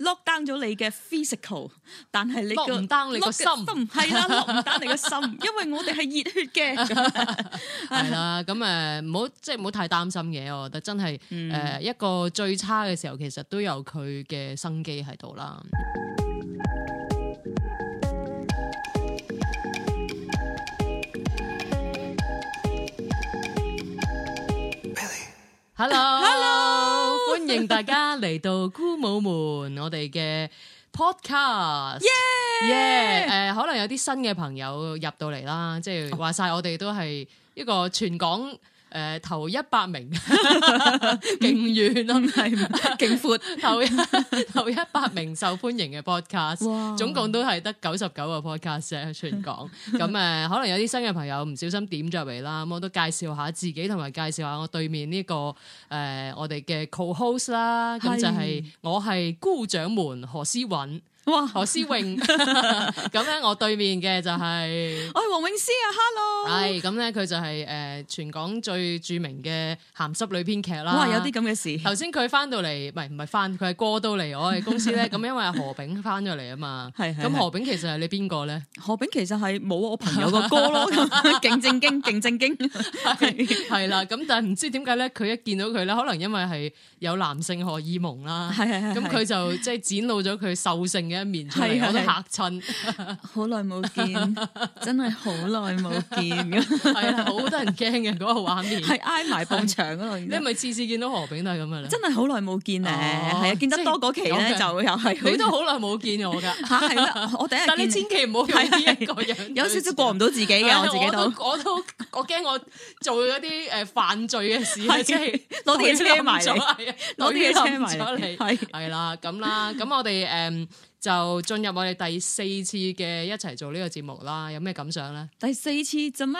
lock down 咗你嘅 physical，但係你 lock 唔不 down 的你個的心，都唔係啦，落唔 down 你個心，因為我哋係熱血嘅。係 啦，咁誒，唔好即係唔好太擔心嘢，我覺得真係誒、嗯呃、一個最差嘅時候，其實都有佢嘅生機喺度啦。Really? Hello。 歡迎大家嚟到菇母們我哋嘅 podcast，耶，誒 Yeah!、yeah，呃，可能有啲新嘅朋友入到嚟啦，即係話晒我哋都係一個全港。誒、呃，頭一百名，勁遠咯，係勁闊頭一頭一百名受歡迎嘅 podcast，哇總共都係得九十九個 podcast 啊！全港咁誒、 呃，可能有啲新嘅朋友唔小心點咗入嚟啦，咁 我都介紹下自己，同埋介紹下我對面呢、這個誒、呃，我哋嘅 co-host 啦，咁是就係我係菇掌門何韻詩。哇，何思穎咁咧，我對面嘅就係我係黃詠詩啊，hello，係咁咧，佢就係誒全港最著名嘅鹹濕女編劇啦。哇，有啲咁嘅事。頭先佢翻到嚟，唔係唔係翻，佢係過到嚟我哋公司咧。咁因為何炳翻咗嚟啊嘛，係。咁何炳其實係你邊個咧？何炳其實係冇我朋友個哥咯，勁正經，勁正經，係啦。咁但係唔知點解咧，佢一見到佢咧，可能因為係有男性荷爾蒙啦，係，咁佢就即係展露咗佢獸性。嘅一面出嚟，我都吓親！好耐冇見，真係好耐冇見咁。係啊，好多人驚嘅嗰個畫面，係挨埋埲牆嗰度。你咪次次見到何炳都係咁噶啦，真係好耐冇見咧。係啊，見得多嗰期咧就又係。你都好耐冇見我噶吓？係我第一日但你千祈唔好叫一個人，有少少過唔到自己嘅。我自己都我都我驚我做一啲誒犯罪嘅事，即係攞啲嘢遮埋你，攞啲嘢遮埋你。係係啦，咁啦，咁我哋誒。就進入我哋第四次嘅一齊做呢個節目啦，有咩感想呢？第四次做咩？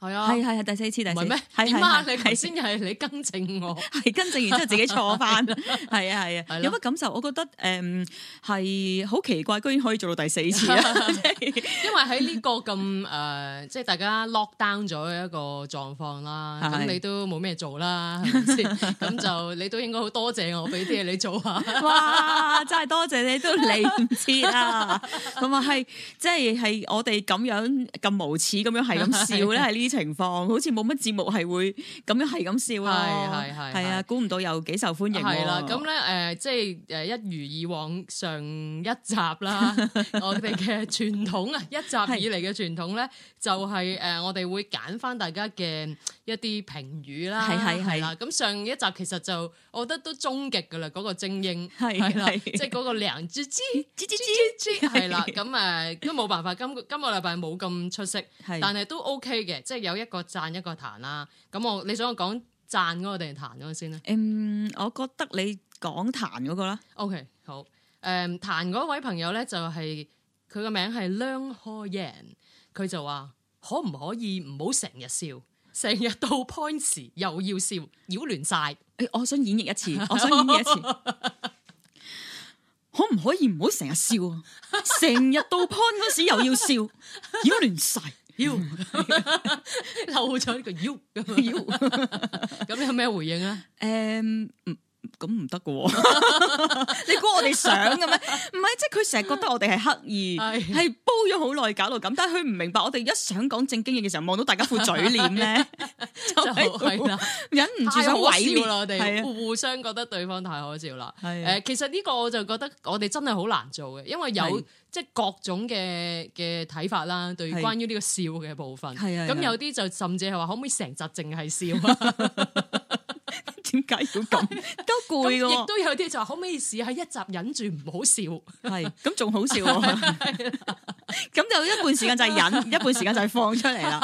係啊，係係第四次第四次。咩？點的啊？你提先係你更正我，係更正完之後自己錯翻，係啊係啊，的有乜感受？我覺得誒，係、嗯、好奇怪，居然可以做到第四次，啊 因為喺呢個咁誒，即、呃、係、就是、大家 lock down 咗一個狀況啦，咁 的你都冇咩做啦，咁 就你都應該好多謝我俾啲嘢你做下， 哇！真係多謝，謝你都嚟唔切啦，咁啊係，即係係我哋咁樣咁無恥咁樣係咁笑咧，喺呢。 情況好似冇乜節目係會咁樣係咁笑咯，係係係啊，估唔是到有幾受歡迎。係啦、啊，咁咧誒，即係誒，一如以往上一集啦， 我哋嘅傳統啊， 一集以嚟嘅傳統咧，是就係誒，我哋會揀翻大家嘅。一啲評語是是是啦，係係係啦。咁上一集其實就我覺得都終極噶啦，嗰、那個精英係係，即係嗰個梁之之之之之之係啦。咁誒、呃嗯呃、都冇辦法，今個今個禮拜冇咁出色，是但係都 OK 嘅，即、就、係、是、有一個讚一個彈啦。咁我你想我講讚嗰個定係彈嗰個先咧？嗯，我覺得你講彈嗰個啦。OK，好。誒、呃，彈嗰位朋友咧就係佢個名係 Long Ho Yan，佢就話可唔可以唔好成日笑？成日到 point 時又要笑，擾亂晒。誒、欸，我想演繹一次，我想演繹一次，可唔 可以唔好成日笑啊？成 日到 point 嗰時又要笑，擾亂晒妖，漏咗呢個 you，you。咁你有咩回應啊？誒，um, 咁唔得噶，哦、 你估我哋想嘅咩？唔係，即係佢成日覺得我哋係刻意，係 煲咗好耐搞到咁。但係佢唔明白我哋一想講正經嘢嘅時候，望到大家副嘴臉咧， 就係啦， 忍唔住想笑咯。 我哋互相覺得對方太可笑啦。係誒，其實呢個我就覺得我哋真係好難做嘅，因為有即係各種嘅嘅睇法啦，對於關於呢個笑嘅部分。係是啊，咁是、啊、有啲就甚至係話可唔可以成集淨係笑。 點解要咁？都攰嘅喎，亦都有啲就話可唔可以試下一集忍住唔是好笑，係咁仲好笑，咁就一半時間就係忍， 一半時間就係放出嚟啦，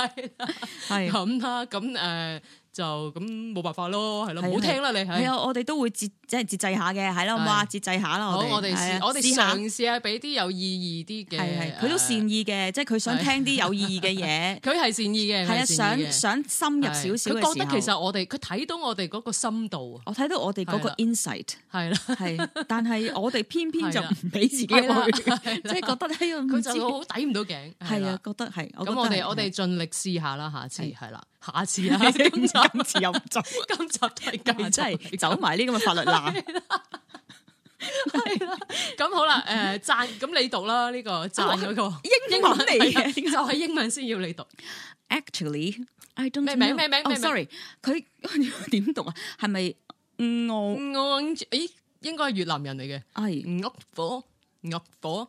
係咁啦，咁誒、呃、就咁冇辦法咯，係咯、啊，唔好、啊、聽啦、啊、你是，係啊，我哋都會接。即係節制下嘅，係咯，好！節制下啦，我哋係我哋嘗試下俾啲有意義啲嘅，係係佢都善意嘅，即係佢想聽啲有意義嘅嘢。佢係善意嘅，係啊，想想深入少少。佢覺得其實我哋佢睇到我哋嗰個深度，我睇到我哋嗰個 insight 係啦，係。但係我哋偏偏就唔俾自己去，即係覺得喺個佢就會好抵唔到頸。係啊，覺得係。咁我哋我哋盡力試下啦，下次係啦，下次啊，今集又唔走，今集計計真係走埋呢咁嘅法律。係啦，咁 好啦，誒、呃，讚，咁你讀啦呢、這個讚嗰、那個、啊、英文嚟嘅，就係英文先的 要你讀。Actually, I don't know 咩名咩名？Oh sorry，佢點讀啊？係咪安安？咦，應該係越南人嚟嘅。係岳火，岳火。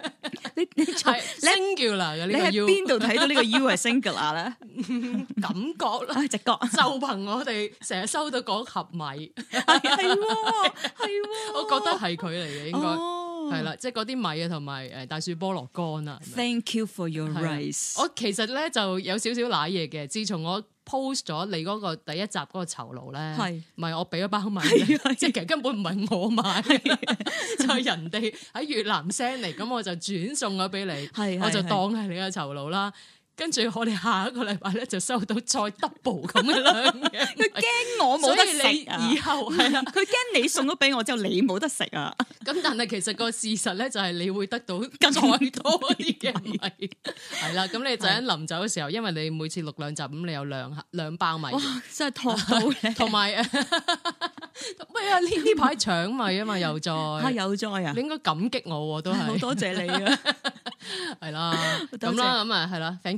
你你係 singular 嘅，你 U？邊度睇到個呢個 U 係 singular 咧？ 感覺啦、 啊，直覺。就憑我哋成日收到嗰盒米，係係 我覺得係佢嚟嘅，應該係啦。即係嗰啲米啊，同埋誒大樹菠蘿乾啊。Thank you for your rice。我其實咧就有少少瀨嘢嘅，自從我。post 咗你嗰個第一集嗰個酬勞咧，係咪是我俾咗包米？的即係其實根本唔係我買，的 就係人哋喺越南 send 嚟，咁我就轉送咗俾你，的我就當係你嘅酬勞啦。跟住我哋下一個禮拜咧就收到再 double 咁嘅啦，佢驚我冇得食，以後係啦，佢驚你送咗俾我之後你冇得食啊！咁但係其實個事實咧就係你會得到更多啲米，係啦，咁你就喺臨走嘅時候，因為你每次錄兩集，咁你有兩兩包米，即係托到，同埋啊，咩啊呢呢排搶米啊嘛又再，又再啊！你應該感激我都係，好多謝你啊，係啦，咁啦咁啊，係啦。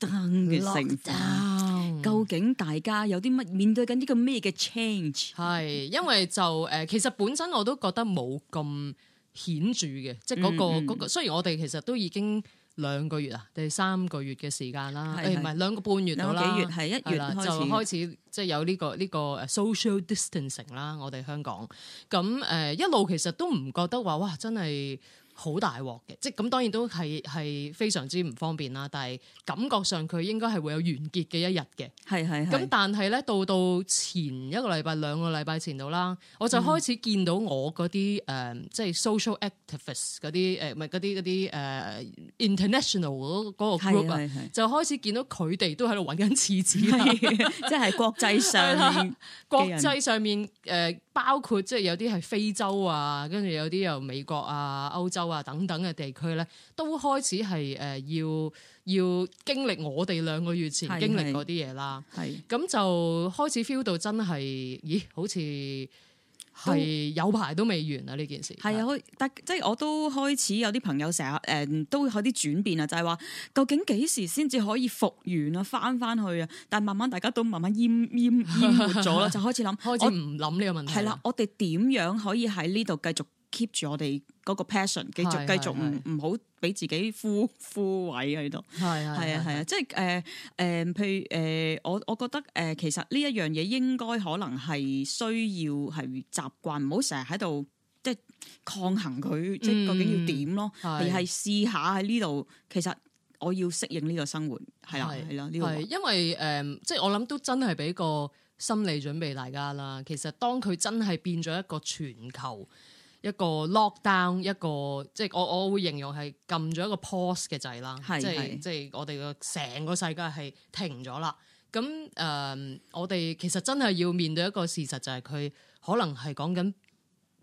嘅承 Lockdown 究竟大家有啲乜面對緊呢個咩嘅 change？係因為就誒、呃，其實本身我都覺得冇咁顯著嘅，嗯、即係、嗰、嗰個嗰、嗰個。雖然我哋其實都已經兩個月啊，定三個月嘅時間啦，誒唔係兩個半月到啦，幾月係一月啦，就開始即係有呢、這個呢、這個 social distancing 啦。我哋香港咁誒、呃、一路其實都唔覺得話哇，真係，好大鑊嘅，即咁當然都係係非常之唔方便啦。但係感覺上佢應該係會有完結嘅一日嘅，係係。咁但係咧，到到前一個禮拜兩個禮拜前度啦，我就開始見到我嗰啲誒，即係 social activist 嗰啲誒，唔係嗰啲嗰啲誒 international 嗰個 group 啊，就開始見到佢哋都喺度搵緊廁紙，即係國際上面，國際上面誒。呃包括即係有啲係非洲啊，跟住有啲又美國啊、歐洲啊等等嘅地區咧，都開始係誒要要經歷我哋兩個月前的經歷嗰啲嘢啦。係咁的就開始 feel 到真係，咦？好似～係有排都未完啊！呢件事係啊，開但即係我都開始有啲朋友成日誒，都會有啲轉變啊，就係話究竟幾時先至可以復原啊，返返去啊？但係慢慢大家都慢慢淹淹淹沒咗啦， 就開始諗，開始唔諗呢個問題。係啦，我哋點樣可以喺呢度繼續？keep 住我哋嗰個 passion，繼續繼續唔唔好俾自己枯枯萎喺度，係係啊係啊，即係誒誒，譬如誒，我我覺得誒，其實呢一樣嘢應該可能係需要係習慣，唔好成日喺度即係抗衡佢，即係究竟要點咯，而係試下喺呢度，其實我要適應呢個生活，係啦係啦呢個，係因為誒，即係我諗都真係俾個心理準備大家啦。其實當佢真係變咗一個全球。一個 lockdown，一個即係我我會形容係撳咗一個 pause 嘅掣啦，即係即係我哋嘅成個世界係停咗啦。咁誒、呃，我哋其實真係要面對一個事實，就係、是、佢可能係講緊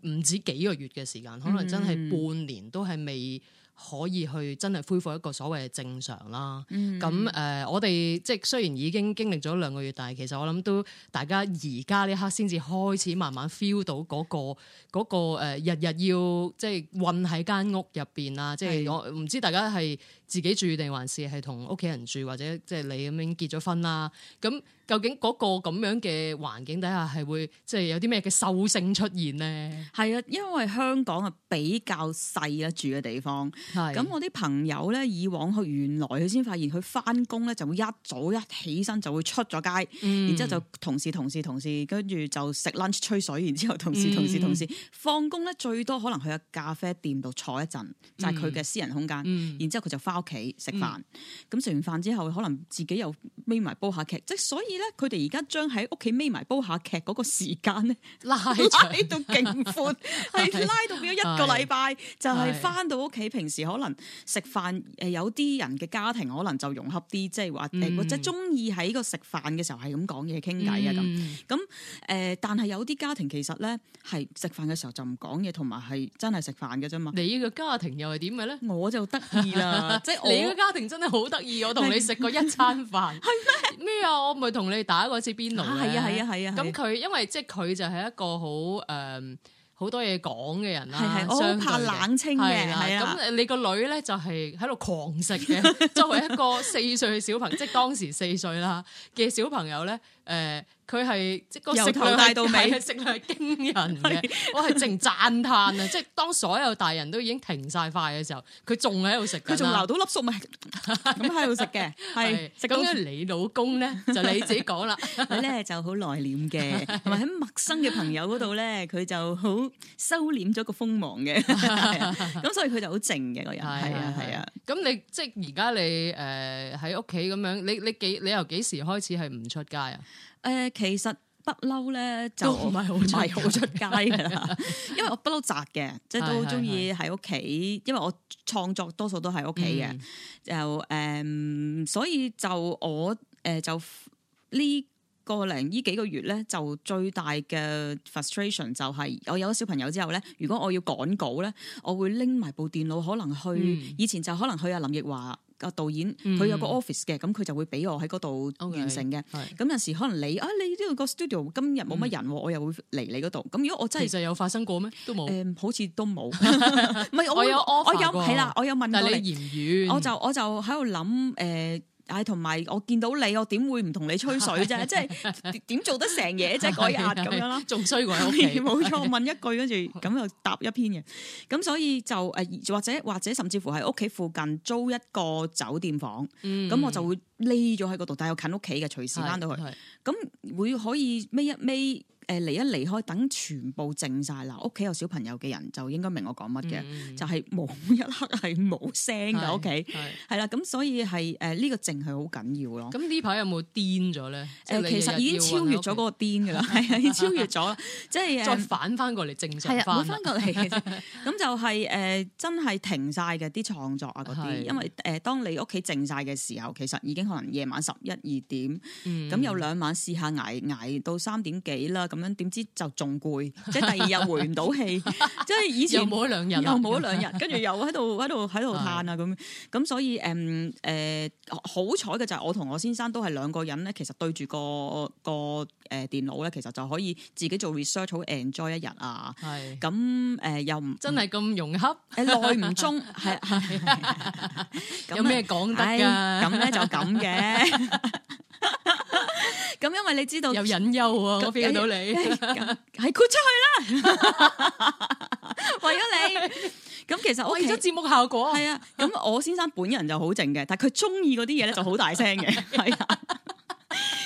唔止幾個月嘅時間，可能真係半年都係未，嗯嗯可以去真係恢復一個所謂嘅正常啦。咁誒、嗯呃，我哋即係雖然已經經歷咗兩個月，但係其實我諗都大家而家呢刻先至開始慢慢 feel 到嗰個嗰個呃，日日要即係困喺間屋入邊啊！即係我唔知大家係。自己住定還是係同屋企人住，或者即係你咁樣結咗婚啦？咁究竟嗰個咁樣嘅環境底下係會即係有啲咩嘅獸性出現咧？係啊，因為香港啊比較細啊，住嘅地方係。咁是我啲朋友咧以往去原來佢先發現佢返工咧就會一早一起身就會出咗街，嗯、然之後就同事同事同事，跟住就食 lunch 吹水，然之後同事同事、嗯、同事放工咧最多可能去個咖啡店度坐一陣就係佢嘅私人空間，然之後佢就花。屋企食飯，嗯、咁食完飯之後，可能自己又。眯埋煲下劇，即係所以咧，佢哋而家將喺屋企眯埋煲下劇嗰個時間咧拉喺到勁闊，係拉， 拉到變咗一個禮拜，的就係返到屋企。平時可能食飯誒，有啲人嘅家庭可能就融合啲，即係話誒，或者中意喺個食飯嘅時候係咁講嘢傾偈啊咁。咁誒、嗯，嗯、但係有啲家庭其實咧係食飯嘅時候就唔講嘢，同埋係真係食飯嘅啫嘛。你依個家庭又係點嘅咧？我就得意啦，即係 你個家庭真係好得意。我同你食過一餐飯。 咩啊？我唔係同你打過一次邊爐嘅，係啊係啊係啊。咁佢，啊啊啊啊啊，因為即係佢就係一個好誒好多嘢講嘅人啦，我好，啊哦，怕冷清嘅。啊。咁，啊，你個女咧就係喺度狂食嘅。 作為一個四歲嘅小朋友， 即係當時四歲啦嘅小朋友咧，誒、呃。佢係即係個食量由頭大到尾，食量驚人嘅，我係淨讚嘆啊！即係當所有大人都已經停晒筷嘅時候，佢仲喺度食，佢仲撈到粒粟米咁喺度食嘅，係食咁。你老公咧就你自己講啦，佢咧就好內斂嘅，同埋喺陌生嘅朋友嗰度咧，佢就好收斂咗個鋒芒嘅，咁所以佢就好靜嘅個人。係啊係啊，咁你即係而家你誒喺屋企咁樣，你你幾你由幾時開始係唔出街啊？誒、呃，其實呢不嬲咧就唔係好唔係好出街噶啦，哦、因為我不嬲宅嘅， 即係都中意喺屋企。是是是因為我創作多數都喺屋企嘅。嗯、就誒，um, 所以就我誒、呃、就呢個零呢幾個月咧，就最大嘅 frustration 就係我有咗小朋友之後咧，如果我要趕稿咧，我會拎埋部電腦可能去，嗯、以前就可能去阿林奕華。個導演佢有個 office 嘅，咁佢就會俾我喺嗰度完成嘅。咁 Okay, right. 有時可能你啊，你呢度個 studio 今日冇乜人，mm. 我又會嚟你嗰度。咁如果我真係，就有發生過咩？都冇。誒、呃，好似都冇。唔 係是 我有、er、我 office 係啦，我有問過你。你嫌遠我。我就我就喺度諗誒。呃同埋我見到你，我點會唔同你吹水啫？ 即係點做得成嘢啫？嗰日咁樣啦，仲衰 過喺屋企，冇 錯。問一句跟住，咁又答一篇嘅。咁所以就誒，或者或者甚至乎喺屋企附近租一個酒店房，咁、嗯、我就會匿咗喺嗰度，但係又近屋企嘅，隨時返到去。咁會可以瞇一瞇。誒嚟一離開，等全部靜晒啦。屋企有小朋友嘅人就應該明我講乜嘅，就係冇一刻係冇聲嘅屋企，係啦。咁所以係誒呢個靜係好緊要咯。咁呢排有冇癲咗咧？誒其實已經超越咗嗰個癲噶啦，係啊，超越咗，即係再反翻過嚟正常反翻過嚟嘅啫。咁就係誒真係停晒嘅啲創作啊嗰啲，因為誒當你屋企靜晒嘅時候，其實已經可能夜晚十一二點，咁有兩晚試下捱捱到三點幾啦，咁。點知就仲攰，即係第二日回唔到氣，即係以前又冇咗兩日，又冇咗兩日，跟住又喺度喺度喺度嘆啊咁，咁是所以誒誒好彩嘅就係我同我先生都係兩個人咧，其實對住個個誒電腦咧，其實就可以自己做 research 好 enjoy 一日啊，係咁誒又唔真係咁融合誒耐唔中係，有咩講得噶？咁咧、哎、就咁嘅，咁 因為你知道有隱憂、啊、到你。係豁出去啦， 為咗你。咁其實我為咗節目效果，係、okay，啊。咁我先生本人就好靜嘅，但係佢中意嗰啲嘢咧就好大聲嘅，係啊。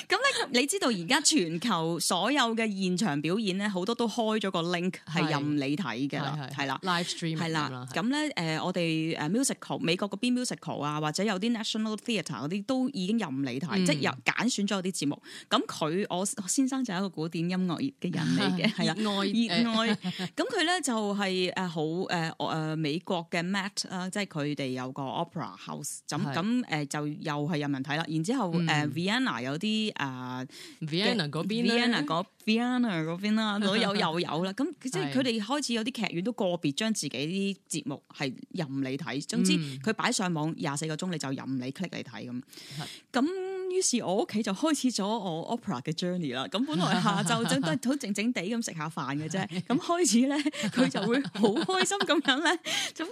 咁咧，你知道而家全球所有嘅現場表演咧，好多都開咗個 link，係任你睇嘅啦，係啦，live stream 係啦。咁咧，誒，我哋誒 musical 美國嗰邊 musical 啊，或者有啲 national theatre 嗰啲都已經任你睇，即係揀選咗啲節目。咁佢，我先生就係一個古典音樂嘅人嚟嘅，係啊，熱愛熱愛。咁佢咧就係誒好誒誒美國嘅 Met 啦，即係佢哋有個 Opera House。咁咁誒就又係任人睇啦。然之後誒 Vienna 有。嗰啲啊 Vienna 嗰邊，Vienna 嗰 Vienna 嗰邊啦，邊邊又有又有啦，咁即係佢哋開始有啲劇院都個別將自己啲節目係任你睇，總之佢擺上網廿四個鐘你就任你 click 嚟睇咁。咁於是，我屋企就開始咗我 opera 嘅 journey 啦。咁本來下晝都都靜靜地咁食下飯嘅啫，咁開始咧佢就會好開心咁樣咧，就。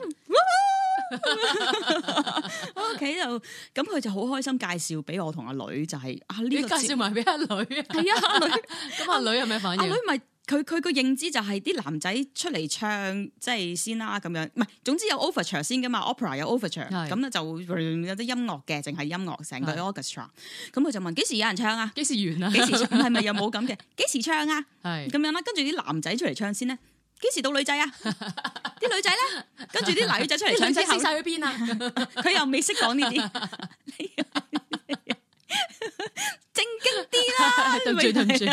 喺屋企度，咁佢就好開心介紹俾我同阿女，就係啊呢介紹埋俾阿女，係啊，阿、 啊、女咁阿、uh uh, uh, 女有咩反應阿女咪佢佢個認知就係啲男仔出嚟唱即係先啦、啊，咁樣唔係，總之有 overture 先噶嘛，opera 有 overture 咁咧就有啲音樂嘅，淨係音樂，成個 orchestra，咁佢是就問幾時有人唱啊？幾 s und ering 時完啊？幾 時唱？係咪又冇咁嘅？幾時唱啊？係咁樣啦，跟住啲男仔出嚟唱先咧。幾時到女仔啊？啲女仔咧，跟住啲瀨女仔出嚟搶口。啲女仔死晒去邊啊？佢又未識講呢啲， 正經啲啦，對唔住來對唔住，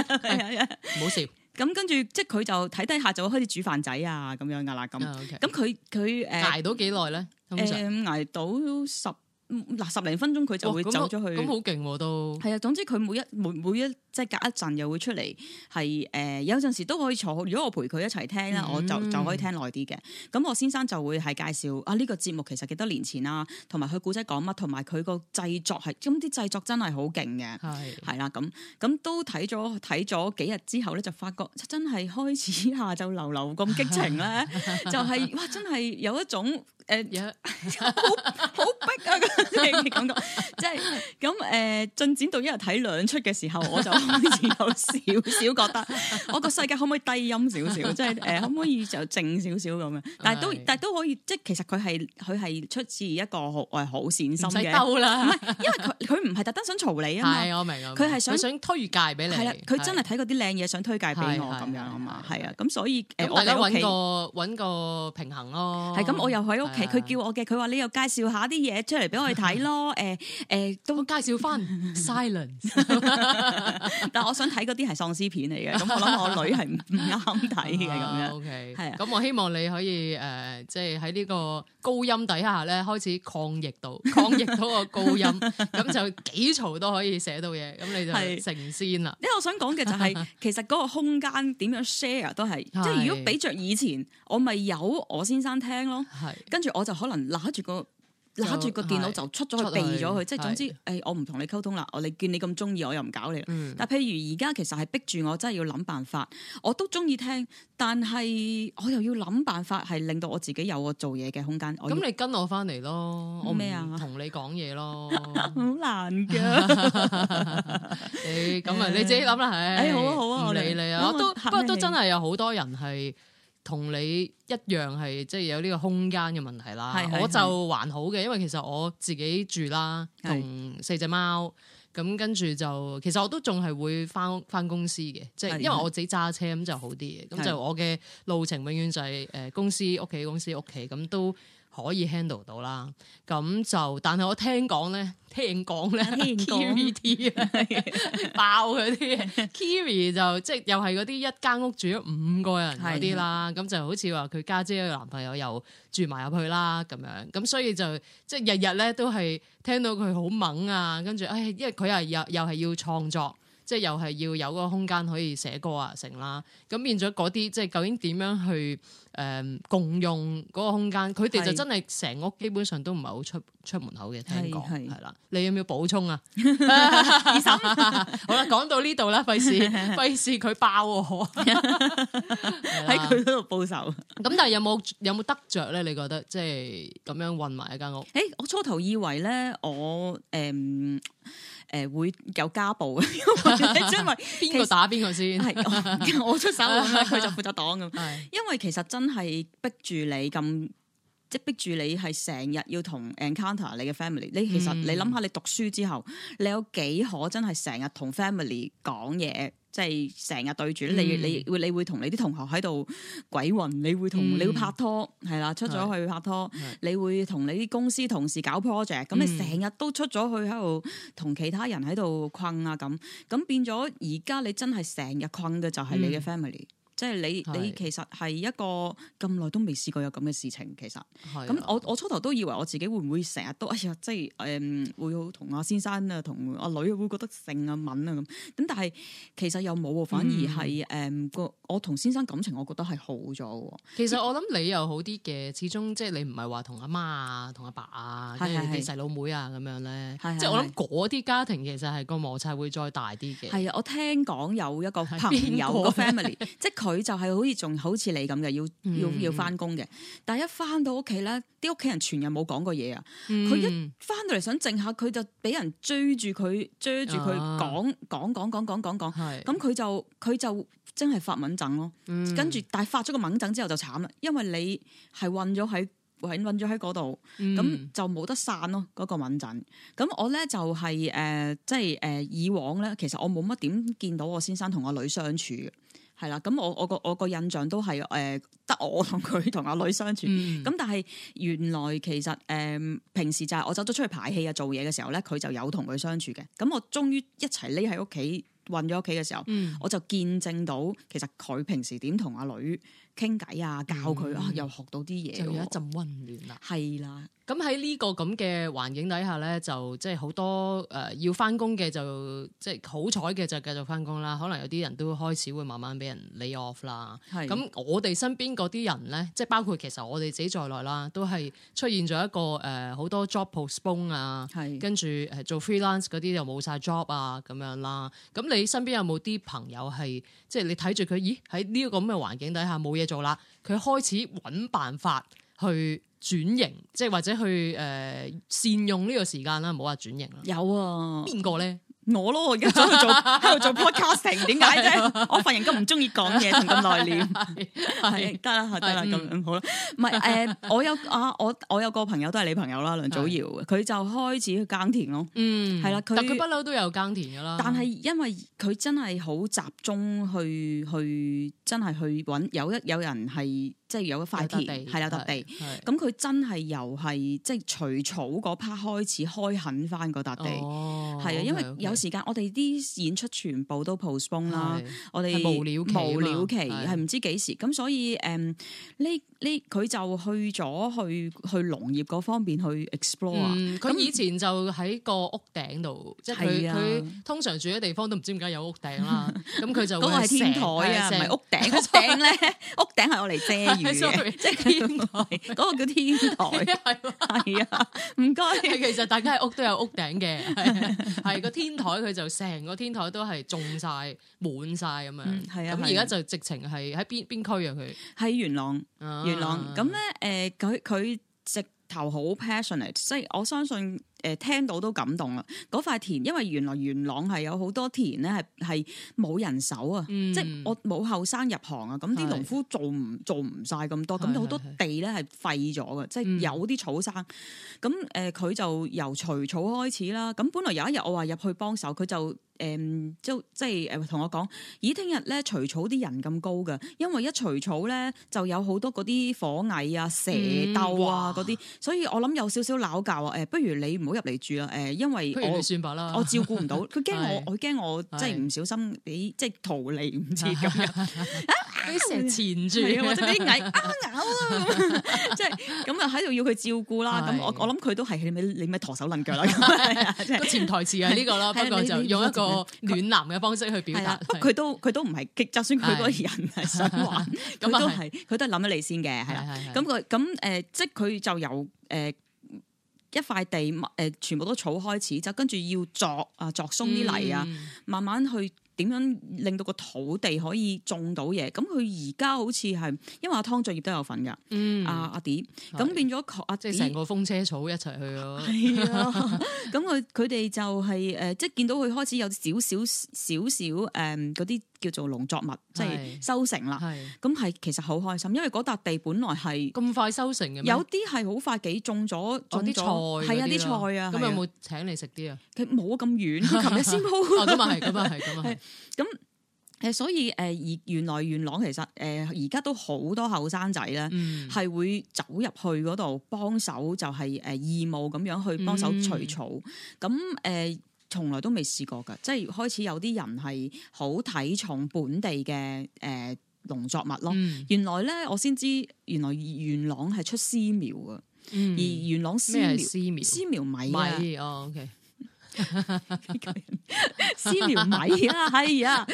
冇事。咁跟住即係佢就睇低下，就會開始煮飯仔啊，咁樣噶啦。咁咁佢佢誒捱到幾耐咧？通常，誒、呃、捱到十。嗱，十零分鐘佢就會走咗去，咁好勁喎都。係啊，總之佢每一每每一即係隔一陣又會出嚟，係誒、呃、有陣時都可以坐。如果我陪佢一齊聽咧，我就就可以聽耐啲嘅。咁、嗯、我先生就會係介紹啊，呢、呢個節目其實幾多年前啦、啊，同埋佢古仔講乜，同埋佢個製作係，咁啲製、製作真係好勁嘅。係係啦，咁咁都睇咗睇咗幾日之後咧，就發覺真係開始下晝流流咁激情咧， 就係、係、哇，真係有一種。誒，好好逼啊！即係講講，即係咁誒，進展到一日睇兩出嘅時候，我就開始有少少覺得，我個世界可唔可以低音少少？即係誒，可唔可以就靜少少咁樣？但係都但係都可以，即係其實佢係佢係出自一個誒好善心嘅，唔使兜啦，唔係，因為佢佢唔係特登想嘈你啊嘛，係我明，佢係想想推介俾你，係啦，佢真係睇嗰啲靚嘢想推介俾我咁樣啊嘛，係啊，咁所以誒，大家揾個個平衡咯，係咁，我又喺屋企。佢叫我嘅，佢話你又介紹下啲嘢，出嚟，俾我哋睇咯，誒、欸、誒、欸、都介紹翻 silence， 但係我想睇啲係喪屍片嚟嘅，咁我諗我女係唔啱睇嘅咁樣。OK，係，咁我希望你可以誒，即係喺呢個高音底下咧，開始抗疫到抗疫到個高音，咁 就幾嘈都可以寫到嘢，咁你就係成仙啦。因為我想講嘅就係、是，其實個空間點樣 share 都係，是即係如果比着以前，我咪有我先生聽咯，係是，跟住是。我就可能拿住個拿住個電腦就出咗去避咗佢。即係總之，誒，我唔同你溝通啦，我你見你咁中意，我又唔搞你。但譬如而家其實係逼住我，真係要諗辦法，我都中意聽，但係我又要諗辦法，係令到我自己有個做嘢嘅空間。咁你跟我翻嚟咯，我咩啊唔同你講嘢咯，好難噶。你咁啊，你自己諗啦，係。好啊好啊，我理你啊，都不過都真係有好多人係。同你一樣係，即係有呢個空間嘅問題啦，是是是，我就還好嘅，因為其實我自己住啦，同四隻貓，咁跟住就其實我都仲係會返返公司嘅，即係因為我自己揸車，咁就好啲嘅，咁是就我嘅路程永遠就係誒公司、屋企、公司、屋企咁都。可以 handle 到啦，咁就，但係我聽講咧，聽講咧，Kiri T 啊，爆佢啲，Kiri 就即係又係嗰啲一間屋住咗五個人嗰啲啦，咁的就好似話佢家姐嘅男朋友又住埋入去啦，咁樣，咁所以就即係日日咧都係聽到佢好猛啊，跟住，唉、哎，因為佢係又又係要創作。即係又係要有嗰個空間可以寫歌啊成啦，咁變咗嗰啲即係究竟點樣去誒、呃、共用嗰個空間？佢哋就真係成屋基本上都唔係好出出門口嘅。聽講係啦，你有冇要補充啊？二嬸， 好啦，講到呢度啦，費事費事佢爆喺佢嗰度報仇。咁 但係有冇有冇得着咧？你覺得即係咁樣混埋一間屋？誒、欸，我初頭以為咧，我、嗯、誒。嗯誒、呃、會有家暴嘅，因為因為邊個打邊個先？係 我出手，佢 就負責擋咁。 因為其實真係逼住你咁，即係逼住你係成日要同 encounter 你嘅 family。你其實，你諗下，你讀書之後，你有幾可真係成日同 family 講嘢？即係成日對住你,、嗯、你，你會你會同你啲同學喺度鬼混，你會你同你會,、嗯、你會拍拖，係啦，出咗去拍拖，的你會同你啲公司同事搞 project，咁、嗯、你成日都出咗去喺度同其他人喺度困啊咁，咁變咗而家你真係成日困嘅就係你嘅 family、嗯。即係你，是你其實係一個咁耐都未試過有咁嘅事情。其實，咁的我我初頭都以為我自己會唔會成日都哎呀，即係誒、嗯、會同阿先生啊，同阿女會覺得性啊敏啊咁。咁但係其實又冇，反而係誒個我同先生感情，我覺得係好咗。其實我諗你又好啲嘅，始終即係你唔係話同阿媽，媽爸爸是是啊、同阿爸啊、跟細佬妹啊咁樣咧。即係我諗嗰啲家庭其實係個摩擦會再大啲嘅。係啊，我聽講有一個朋友個 family，即係佢。佢就係好似仲好似你咁嘅，要、嗯、要要翻工嘅。但係一翻到屋企咧，啲屋企人全日冇講過嘢啊。佢、嗯、一翻到嚟想靜下，佢就俾人追住佢追住佢講講講講講講講。咁佢、啊、是就佢就真係發敏疹咯。跟住、嗯、但係發咗個敏疹之後就慘啦，因為你係困咗喺困困咗喺嗰度，咁、嗯、就冇得散咯嗰個敏疹。咁我咧就係、是、誒、呃，即係誒，以往咧其實我冇乜點見到我先生同我女兒女兒相處嘅。係啦，咁我我個我個印象都係誒，得、呃、我同佢同阿女相處。咁、嗯、但係原來其實誒、呃，平時就係我走咗出去排戲啊、做嘢嘅時候咧，佢就有同佢相處嘅。咁我終於一齊匿喺屋企困咗屋企嘅時候，嗯、我就見證到其實佢平時點同阿女傾偈啊，教佢、嗯、啊，又學到啲嘢，啊，就有一陣溫暖啦。係啦，咁喺呢個咁嘅環境底下咧，就即係好多誒、呃、要翻工嘅就即係好彩嘅就繼、是、續翻工啦。可能有啲人都開始會慢慢俾人 lay off 啦。咁是，我哋身邊嗰啲人咧，即係包括其實我哋自己在內啦，都係出現咗一個誒好、呃、多 job postpone 啊，是跟住誒做 freelance 嗰啲又冇晒 job 啊，咁樣啦。咁你身邊有冇啲朋友係即係你睇住佢？咦，喺呢個咁嘅環境底下冇嘢做啦，佢開始揾辦法去轉型，即係或者去誒、呃、善用呢個時間啦，冇話轉型啦。有啊，邊個咧？我咯，而家喺度做喺度做 podcasting 點解啫？我份人都唔中意講嘢，同咁內斂，得啦，得啦，咁樣好啦。唔係誒，我有啊，我我有個朋友都係你朋友啦，梁祖堯，佢就開始去耕田咯。嗯，係啦，佢但佢不嬲都有耕田噶啦。但係因為佢真係好集中去去，真係去搵有一有人係即係有一塊田，係有笪地。咁佢真係由係即係除草嗰 part 開始開墾翻嗰笪地，係啊，因為有。有時間我哋啲演出全部都 postpone 啦，我哋無了期無了期係唔知幾時，咁所以誒呢，呢佢就去咗去去農業嗰方面去 explore。嗯，佢以前就喺個屋頂度，即係佢通常住嘅地方都唔知點解有屋頂啦。咁佢就嗰個係天台啊，唔係屋頂。屋頂咧，屋頂係我嚟，遮雨嘅，即係天台。嗰個叫天台係啊，唔該。其實大家喺屋都有屋頂嘅，係個天。台佢就成個天台都係種晒滿晒咁樣，係啊、咁而家就直情係喺邊邊區啊？佢喺、啊啊、元朗，啊、元朗。咁咧，誒、呃，佢佢直頭好 passionate，即係我相信。誒聽到都感動啦！嗰塊田，因為原來元朗係有好多田咧，係係冇人手啊，即係我冇後生入行啊，咁啲是農夫做唔做唔晒咁多，咁好是多地咧係廢咗嘅，即係是有啲草生。咁誒佢就由除草開始啦。咁本來有一日我話入去幫手，佢就。誒、嗯嗯，即即係誒，同、嗯、我講，咦，聽日咧除草啲人咁高㗎，因為一除草咧就有好多嗰啲火蟻啊、蛇竇啊嗰啲，所以我諗有少少撓教啊，誒、哎，不如你唔好入嚟住啦，誒，因為我算我照顧唔到，佢驚我，佢驚我即係唔小心俾即係逃離唔切咁樣。 成纏住， 或者啲蟻咬啊，呃、 即係咁啊，喺度要佢照顧啦。咁 我我諗佢都係你咪你咪拖手拎腳啦。咁 潛 台詞係呢個咯， 是不過就用一個暖男嘅方式去表達。佢都佢都唔係，就算佢個人係想玩，咁 都係是，佢 都係諗咗你先嘅。係啦、啊，咁佢咁誒，即係佢就由誒一塊地誒，全部都草開始，就跟住要鑿啊鑿鬆啲泥啊，慢慢去。點樣令到個土地可以種到嘢？咁佢而家好似係，因為阿湯駿業都有份噶、嗯啊，阿阿迪，咁變咗阿即成個風車草一齊去咯。係啊，咁佢佢哋就係、是、誒，即係見到佢開始有少少少少誒，嗰啲。嗯叫做農作物，即係收成啦。係咁係，其實好開心，因為嗰笪地本來係咁快收成嘅。有啲係好快幾種咗啲菜，係啊啲菜啊。咁的有冇請你食啲啊？佢冇咁遠，琴日先鋪。咁啊係，咁啊係，咁啊係。咁誒、就是， 所以誒、呃，原來元朗其實誒，而、呃、家都好多後生仔咧，係、嗯、會走入去嗰度幫手，就係、是、誒義務咁樣去幫手除草。咁誒、嗯。嗯從來都未試過噶即係開始有啲人係好睇重本地嘅誒農作物咯。原來咧，我先知原來元朗係出絲苗嘅，嗯、而元朗絲苗絲苗，絲苗米啊。米 oh, okay. 絲 苗米啊，係啊，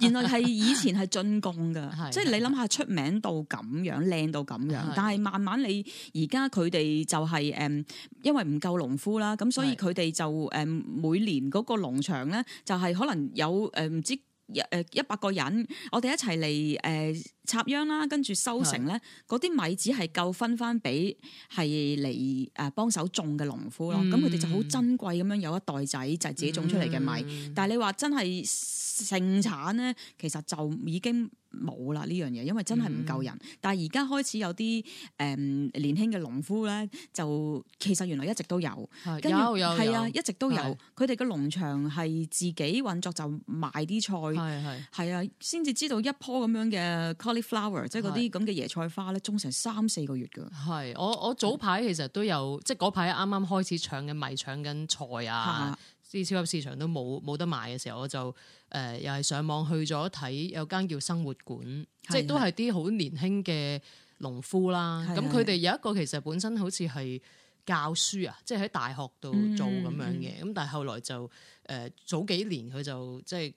原來係以前係進貢噶，的即係你諗下出名到咁樣，靚到咁樣，的但係慢慢你而家佢哋就係、是、誒，因為唔夠農夫啦，咁所以佢哋就誒，每年嗰個農場咧，就係可能有誒，唔知。一誒一百個人，我哋一齊嚟誒插秧啦，跟住收成咧，嗰啲是的 米只係夠分翻俾係嚟誒幫手種嘅農夫咯，咁佢哋就好珍貴咁樣有一袋仔就係、是、自己種出嚟嘅米，嗯、但係你話真係盛產咧，其實就已經。冇啦，呢樣嘢，因為真係唔夠人。嗯、但係而家開始有啲誒、嗯、年輕嘅農夫咧，就其實原來一直都有，跟住係啊，有一直都有。佢哋嘅農場係自己運作，就賣啲菜，係係係啊，先至知道一棵咁樣嘅 cauliflower，即係嗰啲咁嘅椰菜花咧，是種成三四個月㗎。係我我，我早排其實都有，嗯、即係嗰排啱啱開始搶緊米，搶緊菜啊。啲超級市場都冇冇得賣嘅時候，我就誒、呃、又係上網去咗睇，有間叫生活館，是的 即係都係啲好年輕嘅農夫啦。咁佢哋有一個其實本身好似係教書啊，即係喺大學度做咁樣嘅，咁、嗯嗯、但係後來就誒、呃、早幾年佢就即係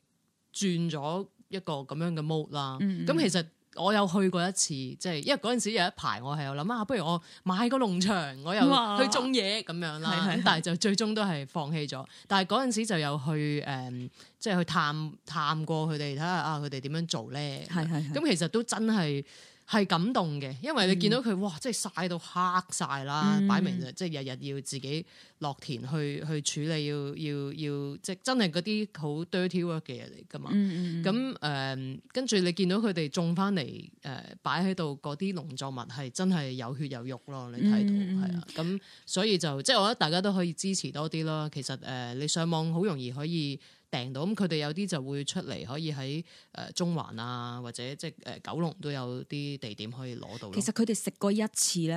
轉咗一個咁樣嘅 mode 啦。咁、嗯嗯、其實。我有去過一次，即係因為嗰陣時有一排，我係有諗啊，不如我買個農場，我又去種嘢咁哇樣啦。是是是，但係就最終都係放棄咗。但係嗰陣時就有去誒，即、呃、係、就是、去探探過佢哋，睇下啊佢哋點樣做咧。係咁是其實都真係。係感動嘅，因為你見到佢、嗯、哇，即係曬到黑晒啦，嗯、擺明就即係日日要自己落田去去處理，要要要即係真係嗰啲好 dirty work 嘅嘢嚟㗎嘛。咁誒、嗯嗯，跟、呃、住你見到佢哋種返嚟誒擺喺度嗰啲農作物係真係有血有肉咯，你睇到係、嗯嗯、啊。咁所以就即係我覺得大家都可以支持多啲咯。其實誒、呃，你上網好容易可以。訂到咁，佢哋有啲就會出嚟，可以喺誒中環啊，或者即、就、誒、係呃、九龍都有啲地點可以攞到。其實佢哋食過一次咧，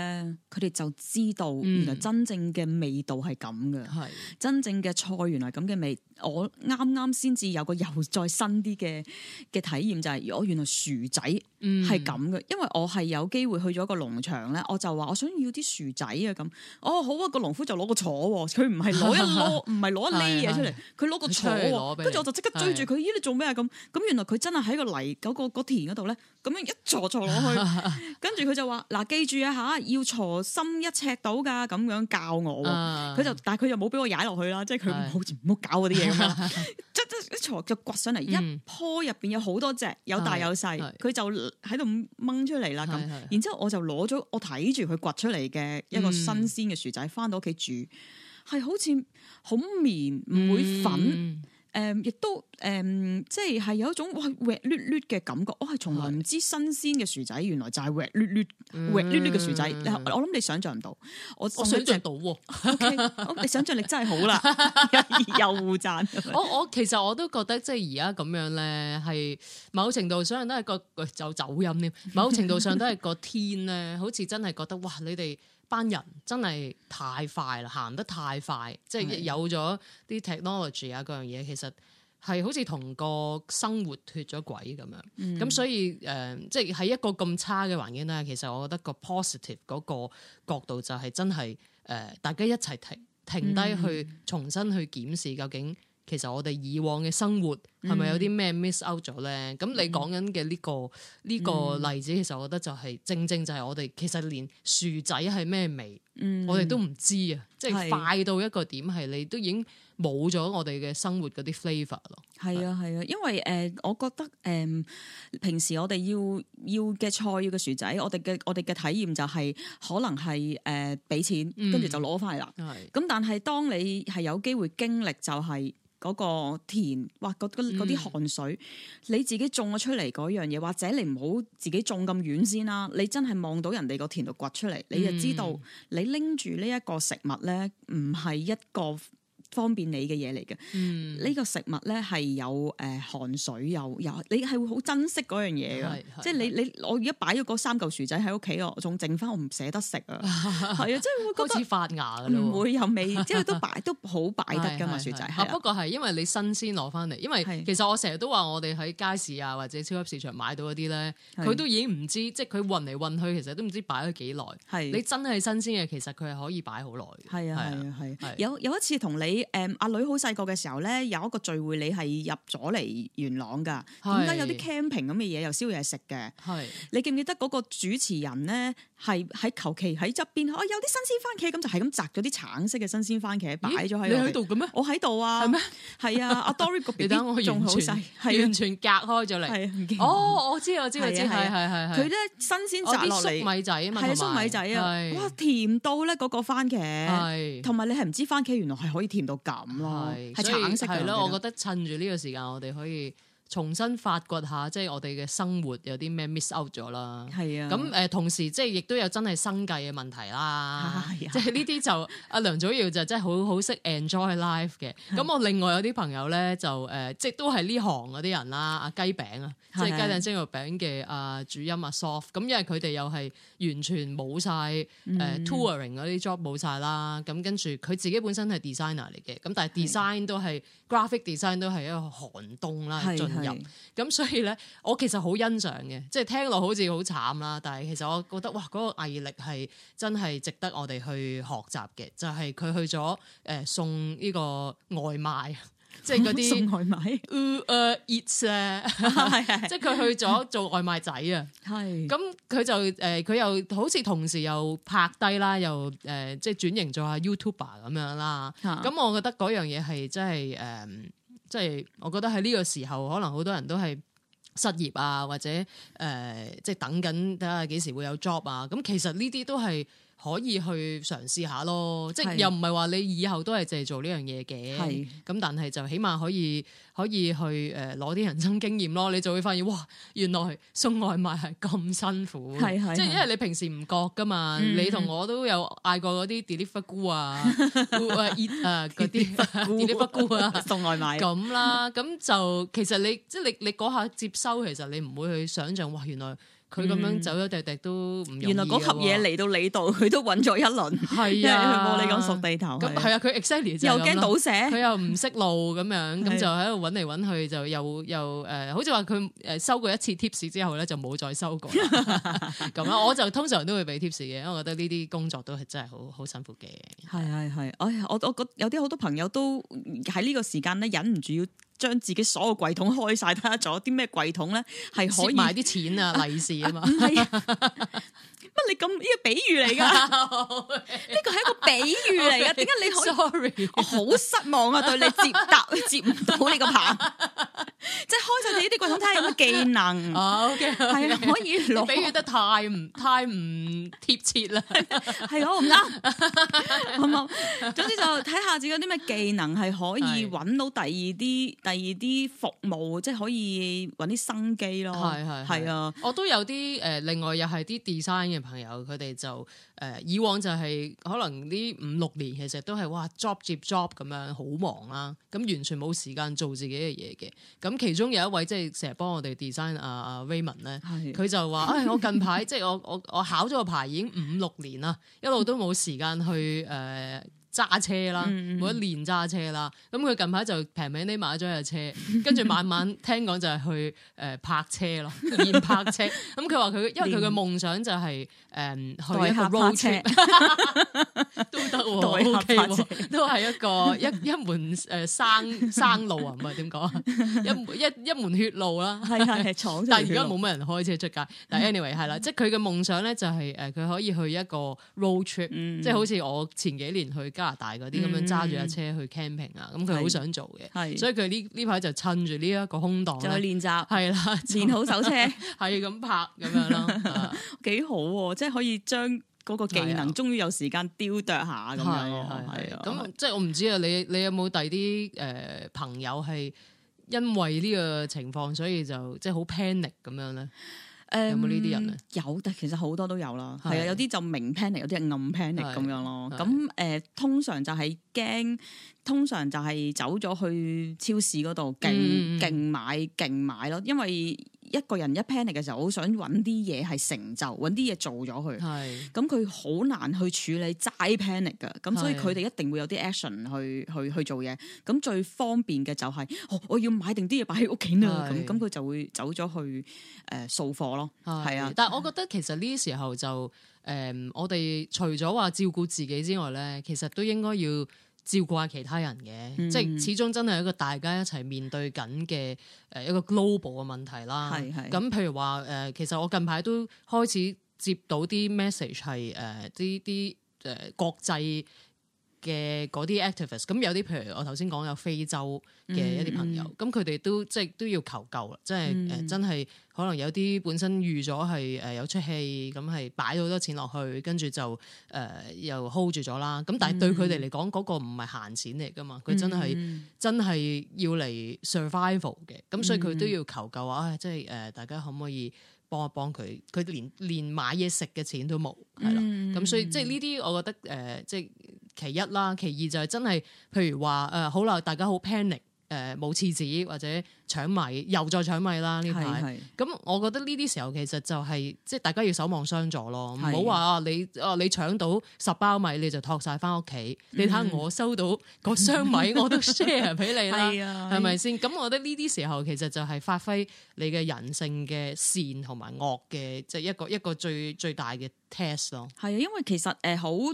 佢哋就知道原來真正嘅味道係咁嘅，嗯、真正嘅菜原來咁嘅味。我啱啱先至有個又再新啲嘅嘅體驗，就係我原來薯仔係咁嘅，因為我係有機會去咗一個農場咧，我就話我想要啲薯仔啊咁。哦，好啊，個農夫就攞個鋤，佢唔係攞一攞，唔係攞一呢嘢出嚟，佢攞個鋤，跟住我就即刻追住佢，咦你做咩啊咁？咁原來佢真係喺個泥嗰個田嗰度咧，咁樣一鋤鋤落去，跟住佢就話嗱，記住啊吓，要鋤深一尺到噶，咁樣教我。佢就但係佢又冇俾我踩落去啦，即係佢好似唔好搞嗰啲嘢。一鋤 就掘上嚟，嗯、一棵入邊有好多隻，有大有細，佢是是 就喺度掹出嚟啦咁。是是是，然之後我就攞咗，我睇住佢掘出嚟嘅一個新鮮嘅薯仔，翻到屋企煮，係好似好綿，唔會粉。嗯嗯誒，亦都誒，即係係有一種哇滑捋捋嘅感覺，我係從來唔知新鮮嘅薯仔，原來就係滑捋捋滑捋捋嘅薯仔，我諗你想象唔到，我我想象到，okay, 你想象力真係好啦， 又互讚。我我其實我都覺得即係而家咁樣咧，係某程度上都係個就、哎、走音添，某程度上都係個天咧，好似真係覺得哇，你哋。班人真係太快啦，行得太快，的即係有咗啲 technology 啊，各樣嘢其實係好似同個生活脫咗軌咁樣。咁、嗯、所以誒、呃，即係喺一個咁差嘅環境咧，其實我覺得個 positive 嗰個角度就係真係誒、呃，大家一齊停停低去重新去檢視究竟、嗯。嗯其實我哋以往嘅生活係咪有啲咩 miss out 咗咧？咁、嗯、你講緊嘅呢個呢、呢個例子，其實我覺得就係、是嗯、正正就係我哋其實連薯仔係咩味，嗯、我哋都唔知啊！即係是快到一個點，係你都已經。冇咗我哋嘅生活嗰啲 flavour 咯，係啊係啊，因為誒、呃，我覺得誒、呃，平時我哋要要嘅菜要嘅薯仔，我哋嘅我哋嘅體驗就係可能係誒，俾、呃、錢跟住、嗯、就攞翻嚟啦。係咁、啊、但係當你係有機會經歷就係嗰個田哇嗰嗰啲汗水，嗯、你自己種咗出嚟嗰樣嘢，或者你唔好自己種咁遠先啦、啊，你真係望到人哋個田度掘出嚟，你就知道你拎住呢一個食物咧，唔係一個。方便你嘅嘢嚟嘅，呢個食物咧係有誒汗水，又有你係會好珍惜嗰樣嘢，即係你你我而家擺咗嗰三嚿薯仔喺屋企，我仲剩翻，我唔捨得食啊，係啊，即係會開始發芽咁樣，唔會有味，即係都擺都好擺得㗎嘛，薯仔，不過係因為你新鮮攞翻嚟，因為其實我成日都話我哋喺街市啊或者超級市場買到嗰啲咧，佢都已經唔知即係佢運嚟運去其實都唔知擺咗幾耐，你真係新鮮嘅，其實佢係可以擺好耐嘅，係啊係啊係，有有一次同你。誒阿、嗯、女好細個嘅時候咧，有一個聚會，你係入咗嚟元朗㗎，點解是有啲 camping 咁嘅嘢又燒嘢食嘅？係是你記唔記得嗰個主持人咧？係喺求其喺側邊，哦，有啲新鮮番茄，咁就係咁摘咗啲橙色嘅新鮮番茄擺咗喺度。你喺度嘅咩？我喺度啊。係咩？係啊，阿 Dory 個邊，我仲好細，係完全隔開咗嚟。哦，我知我知我知，係係係係，佢咧新鮮摘落嚟粟米仔啊嘛，粟米仔啊，哇，甜到咧嗰個番茄，同埋你係唔知番茄原來係可以甜到咁咯，係橙色嘅。係咯，我覺得趁住呢個時間，我哋可以。重新發掘下，即、就、係、是、我哋嘅生活有啲咩 miss out 咗啦。係是啊，咁誒同時即係亦都有真係生計嘅問題啦。即係呢啲就阿 梁祖堯就真係好好識 enjoy life 嘅。咁是、啊、我另外有啲朋友咧就誒、呃，即係都係呢行嗰啲人啦。阿、啊、雞餅，是啊，雞餅啊，即係雞蛋蒸肉餅嘅阿主音啊，Soft。咁因為佢哋又係。完全冇晒誒 touring 嗰啲 job 冇晒啦，咁跟住佢自己本身係 designer 嚟嘅，咁但係 design 都係 graphic design 都係一個寒冬啦進入，咁所以咧我其實好欣賞嘅，即係聽落好似好慘啦，但係其實我覺得哇嗰個毅力係真係值得我哋去學習嘅，就係佢去咗誒送呢個外賣。即係嗰啲送外賣，誒熱 即係佢去咗做外賣仔啊！係 是的，咁佢就誒佢又好似同時又拍低啦，又誒、呃、即係轉型做下 YouTuber 咁樣啦。咁是的 我覺得嗰樣嘢係真係誒，即係我覺得喺呢個時候，可能好多人都係失業啊，或者誒、呃、即係等緊睇下幾時會有 job 啊。咁其實呢啲都係。可以去嘗試下咯，即係又唔係話你以後都係淨係做呢樣嘢嘅，咁是但係就起碼可以可以去誒攞啲人生經驗咯，你就會發現哇，原來送外賣係咁辛苦，係是即係因為你平時唔覺噶嘛。嗯、你同我都有嗌過嗰啲 delivery girl 啊，啊嗰啲 delivery girl 啊送外賣，咁啦，咁就其實你即係你你嗰下接收，其實你唔會去想象哇，原來。佢咁、嗯、樣走咗，滴滴都唔容易。原來嗰盒嘢嚟到你度，佢都揾咗一輪。係啊，冇 你咁熟地頭。 咁係啊，佢 e x c 又驚倒瀉，佢又唔識路咁樣，咁就喺度揾嚟揾去，就又又誒、呃，好似話佢誒收過一次貼士之後咧，就冇再收過啦。咁啊，我就通常都會俾貼士嘅，因為覺得呢啲工作都係真係好好辛苦嘅。係係係，我我我覺得有啲好多朋友都喺呢個時間咧忍唔住要將自己所有櫃桶開晒，得咗啲咩櫃桶咧，係可以賣啲錢啊，利是啊嘛。 你咁呢個比喻嚟噶？呢個係一個比喻嚟噶，點解你好 sorry，我好失望啊！對你接答接唔到你個牌，即 係開咗自己啲怪獸睇下有乜技能。 OK，係啊，可以。比喻得太唔太唔貼切啦，係我唔啱，好唔好？總之就睇下自己啲咩技能係可以搵到第二啲第二啲服務，即係可以搵啲生機咯。係係係啊，我都有啲誒，另外又係啲 design 嘅。朋友佢哋就誒以往就係、是、可能呢五六年其實都係哇 job 接 job 咁樣好忙啦、啊，咁完全冇時間做自己嘅嘢嘅。咁其中有一位即係成日幫我哋 design 阿、uh, 阿 Raymond 咧是的，佢就話，唉，我近排即係我我我考咗個牌已經五六年啦，一路都冇時間去誒。Uh, 揸車啦，冇得練揸車啦。咁佢近排就平平哋買咗架車，跟住慢慢聽講就係去誒泊車咯，練泊車。咁佢話佢因為佢嘅夢想就係誒去一個 road trip 都得，代客泊車都係一個一一門誒生生路啊，唔係點講？啊，一一一門血路啦，係係廠。但係而家冇乜人開車出街。但係 anyway 係啦，即係佢嘅夢想咧就係誒佢可以去一個 road trip，即係好似我前幾年去。加拿大嗰啲咁樣揸住架車去 camping 啊，咁佢好想做嘅，所以佢呢呢排就趁住呢一個空檔，就去練習係啦，練好手車，係咁 拍咁 樣咯，幾好、啊，即、就、係、是、可以將嗰個技能，終於、啊、有時間雕琢下咁、啊、樣，係啊，咁即係我唔知啊，啊知你你有冇第二啲誒朋友係因為呢個情況，所以就即係好 panic 咁樣咧？有冇呢啲人啊、嗯？有，但其實好多都有啦。係啊的，有啲就明 panic，有啲暗 panic 咁的樣咯。咁誒的、呃，通常就係驚，通常就係走咗去超市嗰度，勁勁、嗯、買勁買咯，因為。一個人一 panic 嘅時候，好想揾啲嘢係成就，揾啲嘢做咗佢。係咁佢好難去處理齋 panic 噶咁所以佢哋一定會有啲 action 去去去做嘢。咁最方便嘅就係，哦，我要買定啲嘢擺喺屋企啦。咁咁佢就會走咗去誒掃貨咯。係啊，但係我覺得其實呢時候就誒，我哋除咗話照顧自己之外咧，其實都應該要。照顧下其他人嘅，嗯、即係始終真係一個大家一齊面對緊嘅誒一個 global 嘅問題啦。係、係。咁譬如話誒、呃，其實我近排都開始接到啲 message 係誒啲、呃、啲誒、呃、國際嘅嗰啲 activist，咁有啲譬如我頭先講有非洲嘅一啲朋友，咁佢哋都即係都要求救啦，即係誒真係可能有啲本身預咗係誒有出戲，咁係擺咗好多錢落去，跟住就誒又 hold 住咗啦。咁但係對佢哋嚟講嗰個唔係閒錢嚟噶嘛，佢真係真係要嚟 survival 嘅。咁所以佢都要求救啊！即係誒，大家可唔可以幫一幫佢？佢連連買嘢食嘅錢都冇，係啦。咁所以即係呢啲，我覺得誒即係。其一啦，其二就係真係，譬如話誒，好、呃、啦，大家好 panic，誒、呃，冇廁紙或者搶米，又再搶米啦呢排。咁我覺得呢啲時候其實就係即係大家要守望相助咯，唔好話你啊，你搶到十包米你就托晒翻屋企，你睇下我收到個箱米我都 share 俾你啦，係咪先？咁我覺得呢啲時候其實就係發揮你嘅人性嘅善同埋惡嘅，即、就、係、是、一個一個最最大嘅 test 咯。係啊，因為其實誒好。呃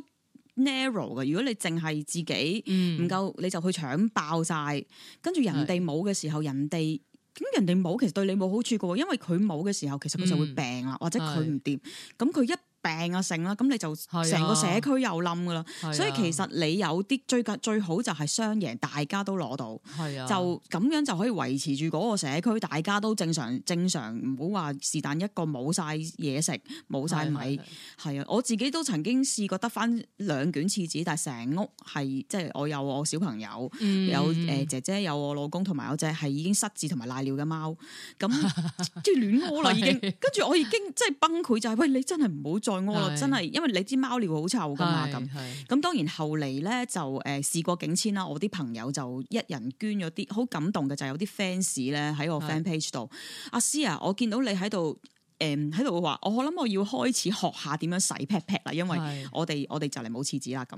narrow 嘅，如果你淨係自己唔夠，嗯、你就去搶爆晒，跟住人哋冇嘅時候，是 人哋咁人哋冇，其實對你冇好處嘅，因為佢冇嘅時候，其實佢就會病啦，嗯、或者佢唔掂，咁佢是 一。病啊成啦，咁你就成個社區又冧噶啦，啊、所以其實你有啲最近最好就係雙贏，大家都攞到，啊、就咁樣就可以維持住嗰個社區，大家都正常正常，唔好話是但一個冇晒嘢食，冇晒米，係啊，啊，啊，我自己都曾經試過得翻兩卷廁紙，但係成屋係即係我有我小朋友，嗯、有誒、呃、姐姐，有我老公我，同埋有隻係已經失智同埋瀨尿嘅貓，咁即係亂屙啦已經， 是跟住我已經即係崩潰就係、是，喂你真係唔好再。屙真係，因為你知貓尿好臭噶嘛，咁咁，當然後嚟咧就誒事過境遷啦。我啲朋友就一人捐咗啲，好感動嘅就係有啲 fans 咧喺我 fan page 度。阿詩是 啊，我見到你喺度誒喺度話，我諗我要開始學下點樣洗 pet pet 啦，因為我哋是 我哋就嚟冇廁紙啦咁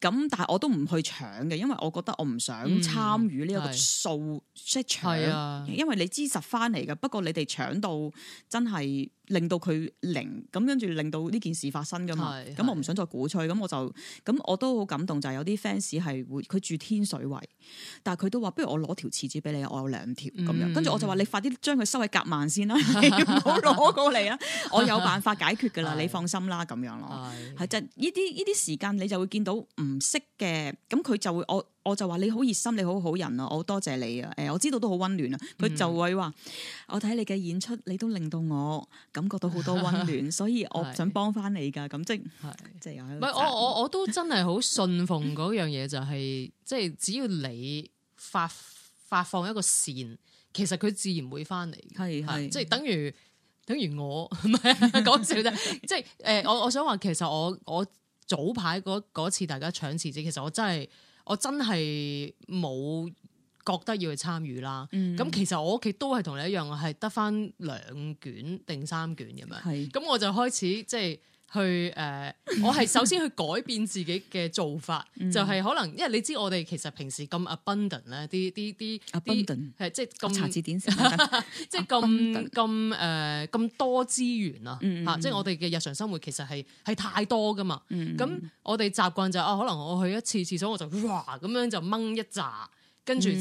咁，但係我都唔去搶嘅，因為我覺得我唔想參與呢一個數、嗯、是 即係搶，是啊、因為你知實翻嚟嘅，不過你哋搶到真係。令到佢零咁，跟住令到呢件事發生噶嘛。咁我唔想再鼓吹，咁我就，咁我都好感動，就係有啲 fans 係會，佢住天水圍，但係佢都話，不如我攞條厠紙俾你，我有兩條咁樣，跟住、嗯、我就話你快啲將佢收喺夾萬先啦，唔好攞過嚟啊！ 我有辦法解決噶啦， 你放心啦，咁樣咯，係是是就呢啲呢啲時間，你就會見到唔識嘅，咁佢就會我。我就話你好熱心，你好好人啊，我多謝你啊。誒，我知道都好温暖啊。佢、嗯、就會話，我睇你嘅演出，你都令到我感覺到好多温暖， 所以我想幫翻你噶。咁 是 即係是 即係是，我我我都真係好信奉嗰樣嘢，就係、是、即係只要你發發放一個善，其實佢自然會翻嚟。係係是是 嗎，即係等於等於我講笑啫。即係誒，我我，我想話，其實我我，我早排嗰次大家搶錢，其實我真係。我真係冇覺得要去參與啦，咁、嗯、其實我屋企都係同你一樣，係得返兩卷定三卷咁樣，咁係我就開始即係。去誒、呃，笑 roster 我係首先去改變自己嘅做法， 嗯、就係可能，因為你知我哋其實平時咁 abundant 咧，啲啲啲 abundant 係即係咁查字典先即係咁咁誒咁多資源啊，嚇 consumers！即係我哋嘅日常生活其實係係太多噶嘛，咁我哋習慣就哦，可能我去一次廁所我就哇咁樣就掹一扎，跟住就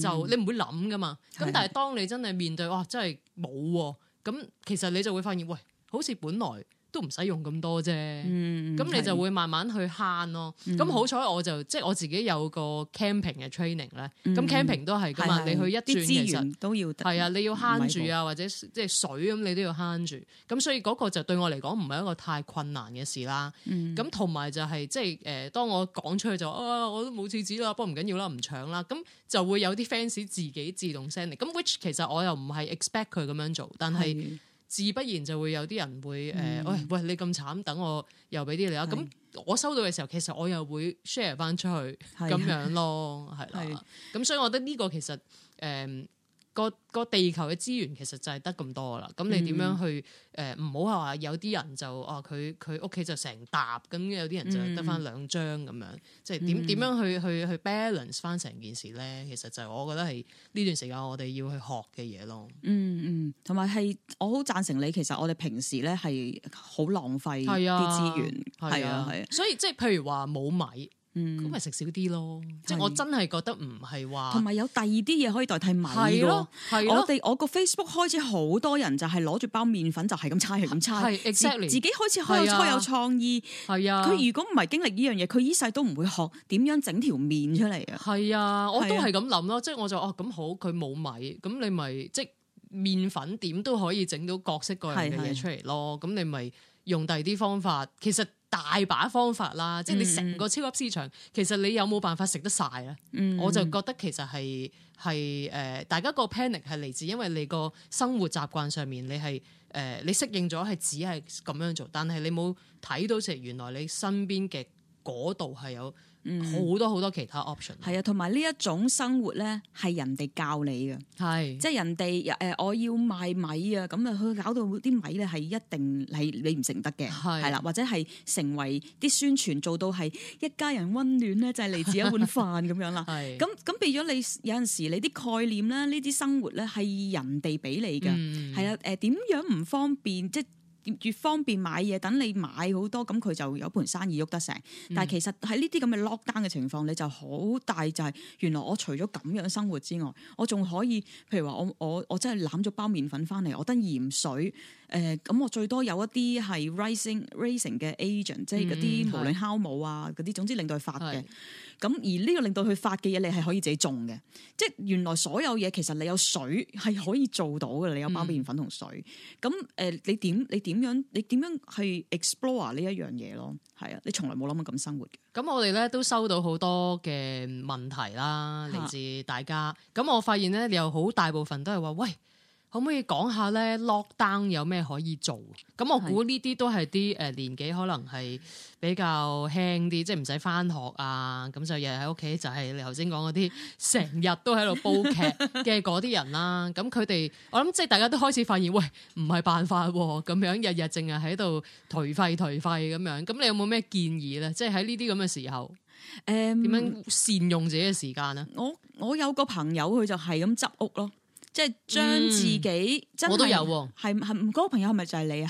就你唔會諗噶嘛，咁但係當你真係面對哇，真係冇喎，咁其實你就會發現，喂，好似本來。都唔使用咁多啫，咁、嗯、你就會慢慢去慳咯。咁、嗯、好彩我就即係、就是、我自己有個 camping 嘅 training 咧、嗯，咁 camping 都係噶嘛，是是你去一啲其實都要係啊，你要慳住啊，或者即係水咁你都要慳住。咁所以嗰個就對我嚟講唔係一個太困難嘅事啦。咁同埋就係即係誒，當我講出去就啊，我都冇廁紙啦，不過唔緊要啦，唔搶啦，咁就會有啲 fans 自己自動 send 嚟。咁 which 其實我又唔係 expect 佢咁樣做，但係。自不然就會有啲人會誒，喂、嗯欸、喂，你咁慘，等我又俾啲你啦。咁是我收到嘅時候，其實我又會 share 翻出去咁的樣咯，係啦。咁所以，我覺得呢個其實誒。嗯個個地球嘅資源其實就係得咁多啦，咁你點樣去誒唔好係話有啲人就啊佢佢屋企就成沓，咁有啲人就得翻兩張咁、嗯、樣，即係點點樣去去去 balance 翻成件事咧？其實就係我覺得係呢段時間我哋要去學嘅嘢咯。嗯嗯，同埋係我好贊成你，其實我哋平時咧係好浪費啲資源，係啊，係啊，所以即係譬如話冇米。嗯，咁咪食少啲咯，是 即係我真係覺得唔係話，同埋有第二啲嘢可以代替米咯。係我哋我個 Facebook 開始好多人就係攞住包麵粉就係咁猜。係咁拆，自自己開始開有創意。係啊，佢如果唔係經歷呢樣嘢，佢一世都唔會學點樣整條麵出嚟啊。係啊，我都係咁諗咯，即係我就哦、是、咁、啊、好，佢冇米，咁你咪即係麵粉點都可以整到各式各樣嘅嘢出嚟咯。咁是的 你咪用第二啲方法，其實。大把方法啦，即係你成個超級市場，mm. 其實你有冇辦法食得晒咧？Mm. 我就覺得其實係係誒，大家個 panic 係嚟自，因為你個生活習慣上面、呃，你係誒你適應咗係只係咁樣做，但係你冇睇到其實原來你身邊嘅嗰度係有。嗯，好多好多其他 option，係啊，同埋呢一種生活咧，係人哋教你嘅，係是的，即係人哋誒，我要賣米啊，咁啊，佢搞到啲米咧係一定係你唔食得嘅，係啦是的，或者係成為啲宣傳做到係一家人溫暖咧，就係、是、嚟自一碗飯咁樣啦，係 是的，咁咁，變咗你有陣時你啲概念咧，呢啲生活咧係人哋俾你嘅，係啊誒，點、呃、樣唔方便？即。越方便買嘢，等你買好多，咁佢就有盤生意喐得成。嗯、但係其實喺呢啲咁嘅 lockdown 嘅情況，你就好大就係、是、原來我除咗咁樣生活之外，我仲可以，譬如話我我我真係攬咗包麵粉翻嚟，我得鹽水，誒、呃、咁我最多有一啲係 rising rising 嘅 agent，嗯、即係嗰啲無論酵母啊嗰啲，總之令到佢發嘅。咁而呢個令到佢發嘅嘢，你係可以自己種嘅，即係原來所有嘢其實你有水係可以做到嘅，你有包麵粉同水。咁誒、嗯，你點你點樣你點樣去 explore 呢一樣嘢咯？係啊，你從來冇諗過咁生活嘅。咁我哋咧都收到好多嘅問題啦，嚟自大家。咁是的 我發現咧你有好大部分都係話喂。可唔可以講下咧 lockdown 有咩可以做？咁我估呢啲都係啲誒年紀可能係比較輕啲，的即係唔使返學啊，咁就日日喺屋企，就係你頭先講嗰啲成日都喺度煲劇嘅嗰啲人啦、啊。咁佢哋我諗即係大家都開始發現，喂唔係辦法喎、啊，咁樣日日淨係喺度頹廢頹廢咁樣。咁你有冇咩建議咧？即係喺呢啲咁嘅時候，誒點、um，樣善用自己嘅時間咧？我我有個朋友佢就係咁執屋咯。即係將自己、嗯、真係我都有喎、啊，係係嗰個朋友係咪就係你啊？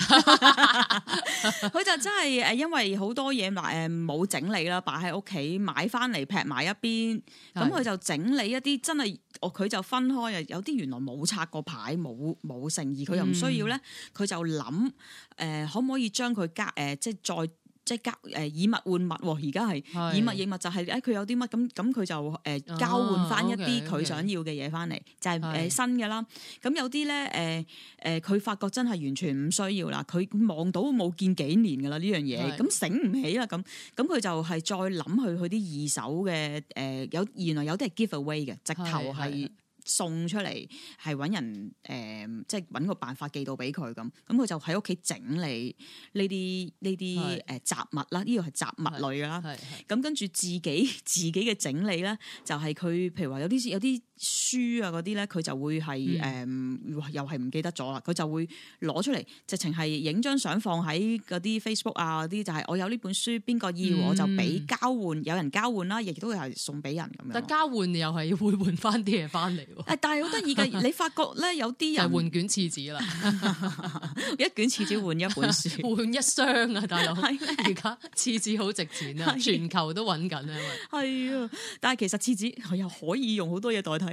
佢 就真係誒，因為好多嘢埋誒冇整理啦，擺喺屋企買翻嚟劈埋一邊，咁佢是就整理一啲真係，哦佢就分開啊，有啲原來冇拆過牌，冇冇誠意，佢又唔需要咧，佢、嗯、就諗誒、呃、可唔可以將佢加誒即係再。即係交，誒以物換物喎，而家係以物易物，就係，哎、就係誒佢有啲乜咁咁佢就誒交換翻一啲佢想要嘅嘢翻嚟，就係誒新嘅啦。咁有啲咧，誒誒佢發覺真係完全唔需要啦，佢望到冇見幾年噶啦呢樣嘢，咁是醒唔起啦咁，咁佢就係再諗去去啲二手嘅，誒、呃、有原來有啲係 give away 嘅，直頭係是。送出嚟係揾人誒、呃，即係揾個辦法寄到俾佢咁，咁佢就喺屋企整理呢啲呢啲誒雜物啦，呢個係雜物類㗎啦。係咁跟住自己自己嘅整理咧，就係佢譬如話有啲有啲，書啊嗰啲咧，佢就會係誒，嗯、又係唔記得咗啦。佢就會攞出嚟，直情係影張相放喺嗰啲 Facebook 啊，嗰啲就係我有呢本書，邊個要、嗯、我就俾交換，有人交換啦，亦都會係送俾人咁樣。但交換又係會換換翻啲嘢翻嚟喎。但係好得意嘅，你發覺咧有啲人 換卷廁紙啦， 一卷廁紙換一本書， 換一箱啊大佬，而家廁紙好值錢啊，嗎全球都揾緊啊。係嗎嗎啊，但係其實廁紙又可以用好多嘢代替。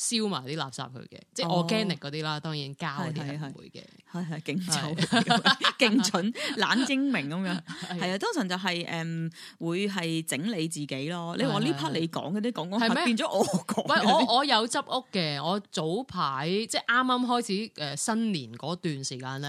燒埋啲垃圾佢嘅，即係我 r g 嗰啲啦，哦、當然膠嗰啲係唔會嘅，係係勁臭，勁蠢， 冷精明咁樣。係啊是是 的，通常就係、是、誒、嗯、會係整理自己咯。是是是，你話呢 part 你講嗰啲講講下變咗我講，喂我我有執屋嘅，我早排即係啱啱開始誒新年嗰段時間咧，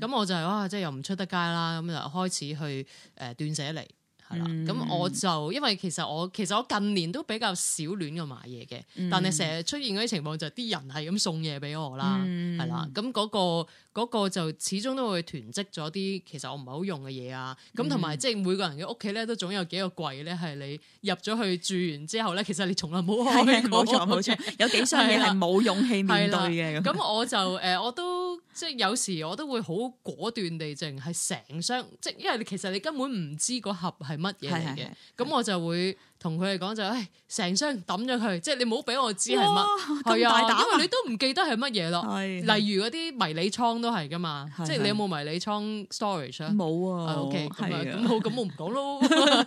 咁我就係哇、啊、即係又唔出得街啦，咁就開始去誒、呃、斷捨離。係啦，咁我就因為其實我其實我近年都比較少亂咁買嘢嘅，嗯、但係成日出現嗰啲情況就係啲人係咁送嘢俾我啦，係啦、嗯，咁嗰、嗰個。嗰個就始終都會囤積咗啲其實我唔係好用嘅嘢啊，咁同埋即係每個人嘅屋企咧都總有幾個櫃咧，係你入咗去住完之後咧，其實你從來冇開過。冇錯冇錯，有幾箱嘢係冇勇氣面對嘅。咁我就誒我都，呃，我都即係有時我都會好果斷地淨係成箱，即係因為其實你根本唔知嗰盒係乜嘢嚟嘅，咁我就會同佢哋講就誒成箱抌咗佢，即係你唔好俾我知係乜。咁大膽啊，你都唔記得係乜嘢咯。例如嗰啲迷你倉倉。都係噶嘛，的即係你有冇迷你倉 storage 啊？冇啊、uh，OK，咁的好，咁我唔講咯。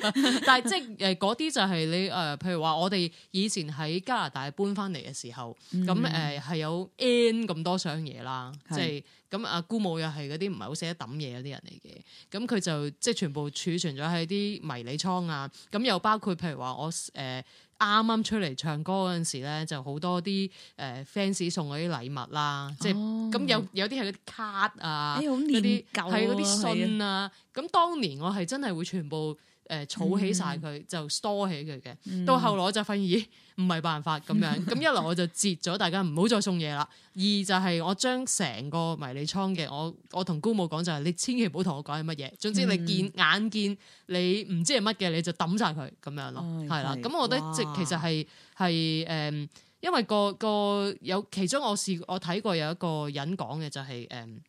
但係即係誒，嗰啲就係你誒、呃，譬如話我哋以前喺加拿大搬翻嚟嘅時候，咁誒係有 n 咁多箱嘢啦，即係咁阿姑母又係嗰啲唔係好捨得抌嘢嗰啲人嚟嘅，咁佢就即係全部儲存咗喺啲迷你倉啊，咁又包括譬如話我誒。呃啱啱出嚟唱歌嗰陣時咧，就好多啲誒 fans 送嗰啲禮物啦，哦、即係咁有有啲係啲卡啊，嗰啲係嗰啲信啊，咁的當年我係真係會全部。誒，儲、嗯、起晒佢就 store 起佢嘅，嗯、到後來我就發現咦，唔係辦法咁樣，咁一來我就截咗大家唔好再送嘢啦， 二就係我將成個迷你倉嘅，我我同高母講就係、是、你千祈唔好同我講係乜嘢，總之你見、嗯、眼見你唔知係乜嘅，你就抌晒佢咁樣咯，係啦、嗯，咁我覺得即其實係係誒，因為、那個、那個有其中我試我睇過有一個人講嘅就係、是、誒。嗯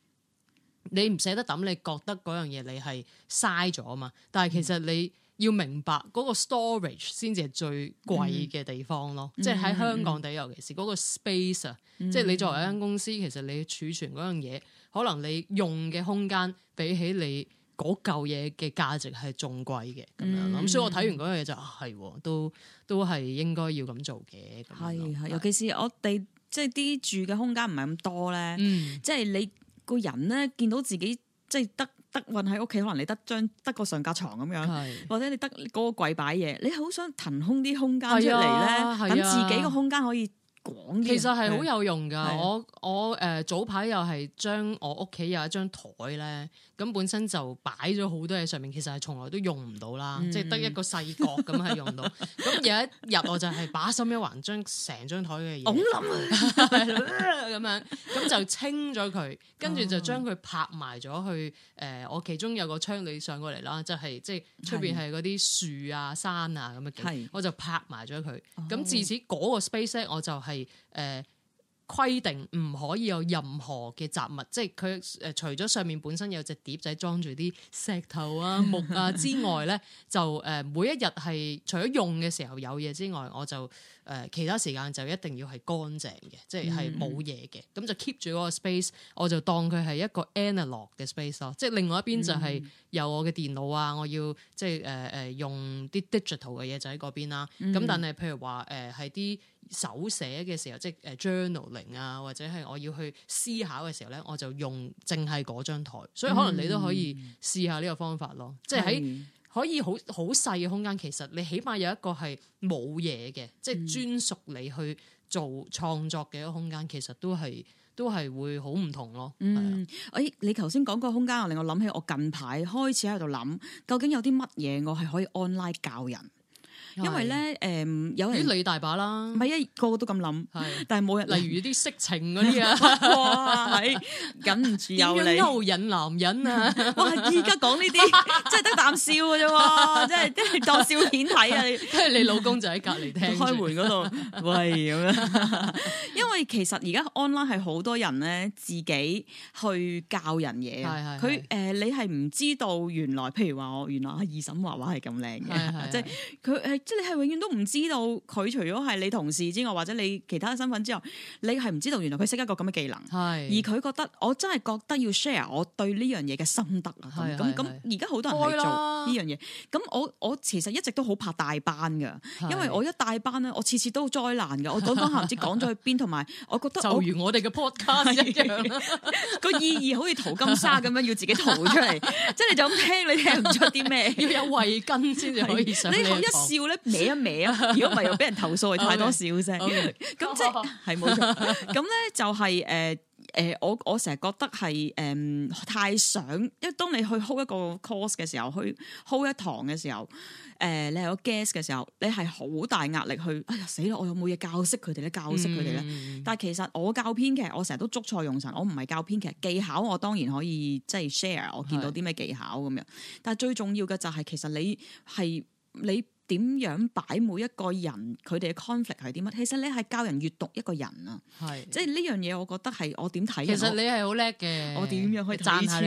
你唔捨得抌，你覺得嗰樣嘢你係嘥咗嘛？但係其實你要明白嗰、嗰個 storage 先至係最貴嘅地方咯，嗯、即係喺香港地，嗯、尤其是嗰個 space 啊、嗯，即係你作為一間公司，其實你儲存嗰樣嘢，可能你用嘅空間比起你嗰嚿嘢嘅價值係仲貴嘅咁、嗯、樣啦。咁所以我睇完嗰樣嘢就係，都都係應該要咁做嘅。係係，尤其是我哋即係啲住嘅空間唔係咁多咧，即係、嗯、你。個人咧，見到自己即係得得運喺屋企，可能你得張得個上格床咁樣，的或者你得嗰個櫃擺嘢，你好想騰空啲空間出嚟咧，咁的自己個空間可以廣啲。其實係好有用㗎的，我、呃、我誒早排又係將我屋企有一張台咧。咁本身就擺咗好多嘢上面，其實係從來都用唔到啦，嗯、即係得一個細角咁係用到。咁 有一日我就係把心一橫，將成張台嘅嘢，我諗咁樣，咁就清咗佢，跟住就將佢拍埋咗去。誒、呃，我其中有個窗你上過嚟啦，就係、是、即係出邊係嗰啲樹啊、山啊咁嘅景，是 我就拍埋咗佢。咁自、哦、此嗰、嗰個 space 我就係、是、誒。呃規定唔可以有任何嘅雜物，即係佢誒，除咗上面本身有隻碟仔裝住啲石頭啊木啊之外咧， 就誒每一日係除咗用嘅時候有嘢之外，我就。誒、呃、其他時間就一定要係乾淨嘅，即係係冇嘢嘅，咁、嗯、就 keep 住嗰個 space，我就當佢係一個 analog 嘅 space 咯。即係另外一邊就係有我嘅電腦啊，嗯、我要即係誒誒用啲 digital 嘅嘢就喺嗰邊啦。咁、嗯、但係譬如話誒係啲手寫嘅時候，即係誒 journaling 啊，或者係我要去思考嘅時候咧，我就用淨係嗰張台。所以可能你都可以試下呢個方法咯，嗯嗯、即係喺。可以好好細嘅空間，其實你起碼有一個係冇嘢嘅，嗯、即係專屬你去做創作嘅一個空間，其實都係都係會好唔同咯。嗯，誒是、哎，你頭先講個空間，啊，令我諗起我近排開始喺度諗，究竟有啲乜嘢我係可以 online 教人。因為咧，誒，有啲女大把啦，唔係一個個都咁諗，但係冇人。例如啲色情嗰啲啊，哇，係緊唔住，有勾引男人啊，哇！而家講呢啲，真係得啖笑嘅啫，真係真係當笑片睇啊！你你老公就喺隔籬，開門嗰度喂咁樣。因為其實而家安 n l 係好多人咧，自己去教人嘢。佢誒，你係唔知道原來，譬如話我原來阿二嬸畫畫係咁靚嘅，即係佢係。即係你係永遠都唔知道佢除咗係你同事之外，或者你其他身份之外，你係唔知道原來佢識一個咁嘅技能。係而佢覺得，我真係覺得要 share 我對呢樣嘢嘅心得啊！咁咁咁，而家好多人係做呢樣嘢。咁我我其實一直都好怕大班噶，因為我一大班咧，我次次都災難噶。我講講下唔知講咗去邊，同埋我覺得就如我哋嘅 podcast 一樣，個意義好似淘金沙咁樣，要自己淘出嚟。即係你就咁聽，你聽唔出啲咩？要有慧根先至可以上。你好一笑咧。歪一歪啊！如果唔係又俾人投訴， 太多、嗯、笑聲即。咁即係冇錯。咁咧 就係誒誒，我我成日覺得係誒、呃、太想，因為當你去 hold 一個 course 嘅時候，去 hold 一堂嘅時候，誒、呃、你係個 guest 嘅時候，你係好大壓力去。哎呀死啦！我有冇嘢教識佢哋咧？教識佢哋咧？嗯嗯、但係其實我教編劇，我成日都捉錯用神。我唔係教編劇技巧，我當然可以即係 share 我見到啲咩技巧咁樣。但係最重要嘅就係，其實你係你。你點樣擺每一個人佢哋嘅 conflict 係啲乜？其實你係教人閱讀一個人啊，係即係呢樣嘢，我覺得係我點睇？其實你係好叻嘅，我點樣可以睇穿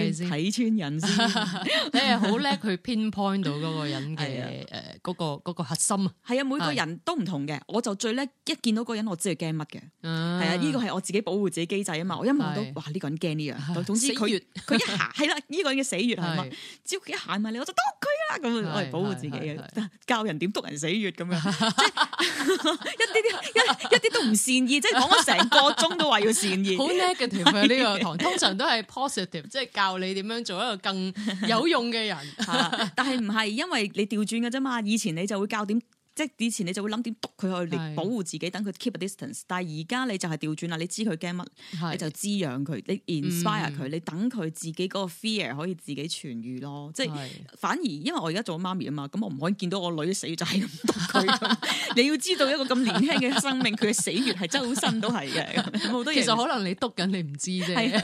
人先？你係好叻去 pinpoint 到嗰個人嘅誒嗰個核心。啊。係啊，每個人都唔同嘅，我就最叻一見到嗰人，我知佢驚乜嘅。係啊，呢個係我自己保護自己機制啊嘛。我一望到哇呢個人驚呢樣，總之佢佢一下係啦，呢個人嘅死穴係嘛？只要佢一行埋你我就督佢啦。咁我嚟保護自己嘅教人。人點督人死穴咁樣， 一啲啲，一一啲都唔善意， 即係講咗成個鐘都話要善意。好 negative 嘅呢個堂，是的 通常都係 positive，即係 教你點樣做一個更有用嘅人。 但係唔係，因為你調轉嘅啫嘛，以前你就會教點。即係以前你就會諗點督佢去保護自己，等佢 keep a distance。但係而家你就係調轉啦，你知佢驚乜，你就滋養佢，你 inspire 佢，你等佢自己嗰個 fear 可以自己痊愈咯。即係反而因為我而家做咗媽咪啊嘛，咁我唔可以見到我女死就係咁督佢。你要知道一個咁年輕嘅生命，佢嘅死穴係周身都係嘅。好多嘢，其實可能你督緊你唔知啫。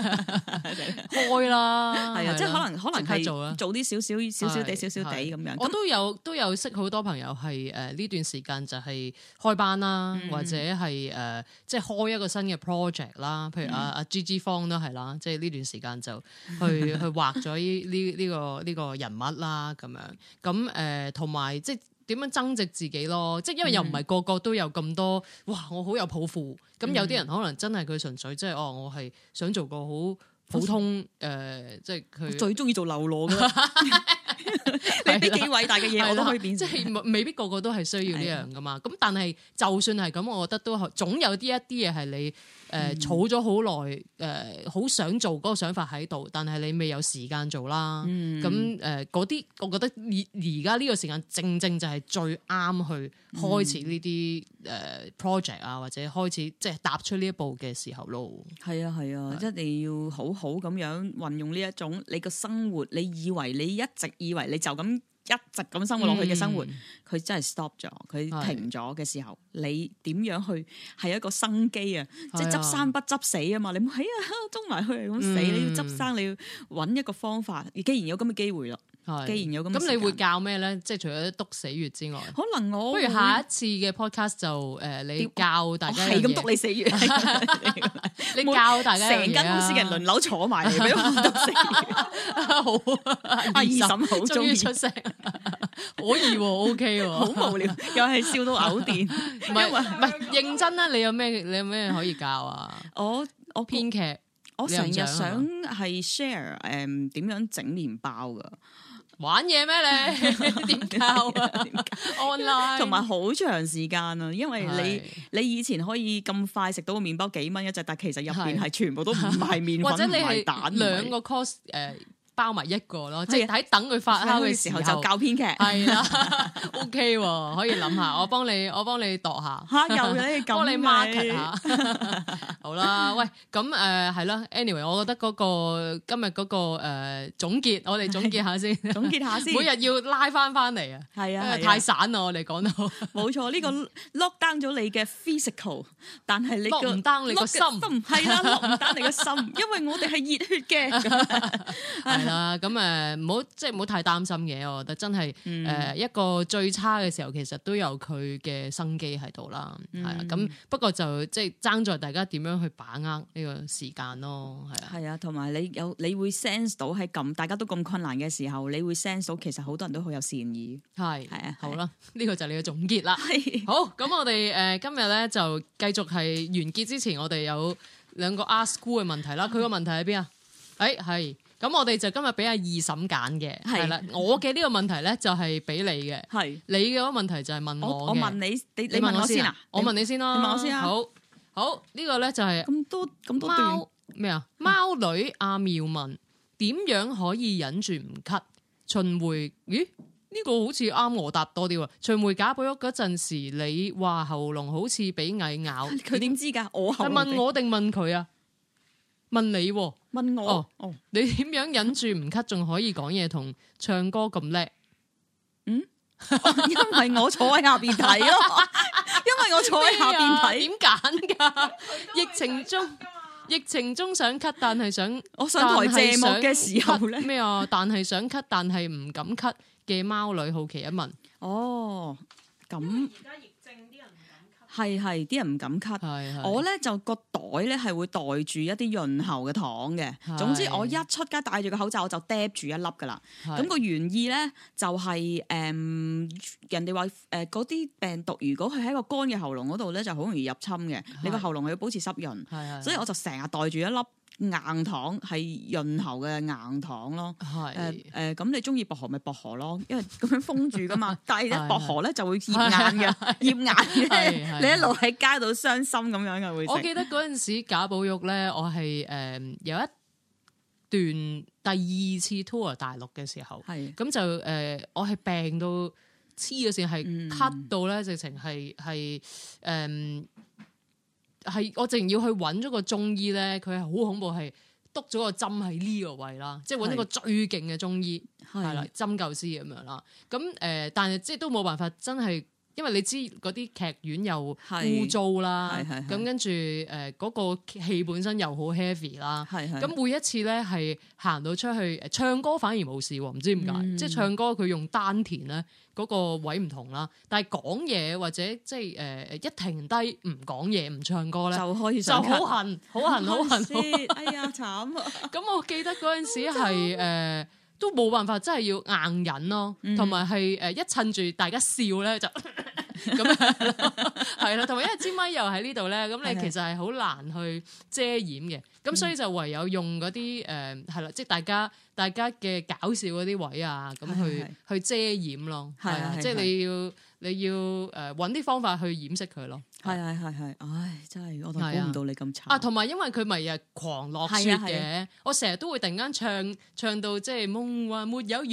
開啦，係啊，即係可能可能係做啲少少少少地少少地咁樣。我都有都有識好多朋友係誒。呢段時間就係開班啦，嗯、或者係誒，uh, 即係開一個新嘅 project 啦，譬如阿、啊、阿、嗯啊、Gigi 方都係啦，即係呢段時間就去 去畫咗呢呢呢個呢、這個人物啦，咁樣咁誒，同埋、呃、即係點樣增值自己咯？即係因為又唔係個個都有咁多，哇！我好有抱負，咁有啲人可能真係佢純粹即、就、係、是、哦，我係想做個好普通誒我、呃，即係佢它 最中意做流浪 你啲幾偉大嘅嘢，了我都可以點，即係未必個個都係需要呢樣噶嘛。咁了但係就算係咁，我覺得都總有啲一啲嘢係你誒儲咗好耐，誒好、嗯呃呃、想做個想法喺度，但係你未有時間做啦。咁誒啲，我覺得而而家呢個時間正正就係最啱去開始呢啲誒 project 啊，或者開始即係踏出呢一步嘅時候咯。係啊係啊，一定要好好咁樣運用呢一種你嘅生活，你以為你一直以你就咁一直咁生活落去嘅生活。嗯佢真係 stop 咗，佢停咗嘅時候，是的 你點樣去係一個生機啊？是的 即係執生不執死啊嘛！你唔係啊，捉埋佢咁死，嗯你，你要執生，你要揾一個方法。既然有咁嘅機會咯，是的 既然有咁，咁你會教咩咧？即係除咗督死穴之外，可能我不如下一次嘅 podcast 就誒、呃，你教大家嘢，係咁督你死穴， 你教大家成、啊、間公司嘅人輪流坐埋嚟俾督死穴， 好、啊、二嬸好中意出聲，可 以 OK。好無聊，又係笑到嘔電，唔係唔係認真啦？你有咩你有咩可以教啊？我我編劇，我成日想係 share 誒，點樣整麵包噶？玩嘢咩你？點教啊 online 同埋好長時間啊，因為你你以前可以咁快食到個麵包幾蚊一隻，但其實入邊係全部都唔係麵粉。或者你係蛋兩個 cost 誒。包埋一個咯，即係喺等佢發酵嘅時候就教編劇係啦，OK 可以諗下，我幫你我幫你度下吓，又幫你 market 吓，好啦，喂咁誒係咯，anyway，我覺得嗰個今日嗰個誒總結，我哋總結下先，總結下先，每日要拉翻翻嚟啊，係啊，太散啦，我哋講到冇錯，呢個 lock down 咗你嘅 physical，但係你 lock 唔 down 你個心都唔係啦，lock 唔 down 你個心，因為我哋係熱血嘅。咁誒、 嗯，唔好即係唔好太擔心嘢，我覺得真係誒，一個最差嘅時候，其實都有佢嘅生機喺度啦。係啊，咁不過就即係爭在大家點樣去把握呢個時間咯。係啊，係啊，同埋你有你會 sense 到喺咁大家都咁困難嘅時候，你會 sense 到其實好多人都好有善意。係係啊，好啦，呢個就係你嘅總結啦。 是的 好，咁我哋誒今日咧就繼續係完結之前，我哋有兩個 ASKGOO 嘅問題啦。佢個 問題喺邊啊？誒、欸，係。咁我哋就今日俾阿二嬸揀嘅係啦，我嘅呢個問題咧就係俾你嘅，係你嘅問題就係問我嘅。我問你，你你問我先啊？我問你先啦。你問我先啊？好，好呢個咧就係咁多咁多貓咩啊？貓女阿妙問點樣可以忍住唔咳？秦梅咦？呢個好似啱我答多啲。秦梅假保育嗰陣時，你話喉嚨好似俾蟻咬，佢點知噶？我喉嚨？問我定問佢啊？問你，問我，哦哦、你點樣忍住唔咳，咳，仲可以講嘢同唱歌咁叻？嗯， 因為我坐喺下邊睇咯，因為我坐喺下邊睇，點揀噶？疫情中，疫情中想咳，但係想我想台節目嘅時候咧，咩啊？但係想咳，但係唔敢咳嘅貓女好奇一問，哦，咁。係係，啲人唔敢咳。係係我咧就個袋咧係會袋住一啲潤喉嘅糖嘅。係係，總之我一出街戴住個口罩，我就嗒住一粒㗎啦。咁係係 個原意咧就係、係、誒、呃、人哋話誒嗰啲病毒，如果係喺個乾嘅喉嚨嗰度咧，就好容易入侵嘅。係係，你個喉嚨係要保持濕潤，係係，所以我就成日袋住一粒。硬糖係潤喉嘅硬糖咯，係，誒咁你中意薄荷咪薄荷咯，因為咁樣封住噶嘛， 但係咧薄荷咧就會腌眼嘅，腌眼，你一路喺街度傷心咁樣嘅會。我記得嗰陣時賈寶玉咧，我係誒有一段第二次 tour 大陸嘅時候，係咁是是 就誒、呃、我係病到黐咗線，係咳到咧，直情係係誒。係，我淨要去揾咗個中醫咧，佢係好恐怖，係篤咗個針喺呢個位啦，即係揾一個最勁嘅中醫，係啦的，針灸師咁樣啦，咁誒，但係即係都冇辦法，真係。因為你知嗰啲劇院又污糟啦，咁跟住誒嗰個戲本身又好 heavy 啦，咁每一次咧係行到出去唱歌反而冇事喎，唔知點解。嗯、即係唱歌佢用丹田咧嗰個位唔同啦，但係講嘢或者即係誒一停低唔講嘢唔唱歌咧就可以就好痕好痕好痕，哎呀慘啊！咁 我記得嗰陣時係 都冇辦法，真係要硬忍咯，同埋係誒一趁住大家笑咧就咁樣咯，係啦，同埋因為支咪又喺呢度咧，咁的你其實係好難去遮掩嘅，咁的所以就唯有用嗰啲誒係啦，即、呃、係大家大家嘅搞笑嗰啲位啊，咁去的去遮掩咯，係啊的，即係你要。的的你要誒揾啲方法去掩飾佢咯，係係係係，唉真係，我都估唔到你咁慘啊！同埋因為佢咪日狂落雪嘅，我成日都會突然間唱唱到即係夢幻沒有完，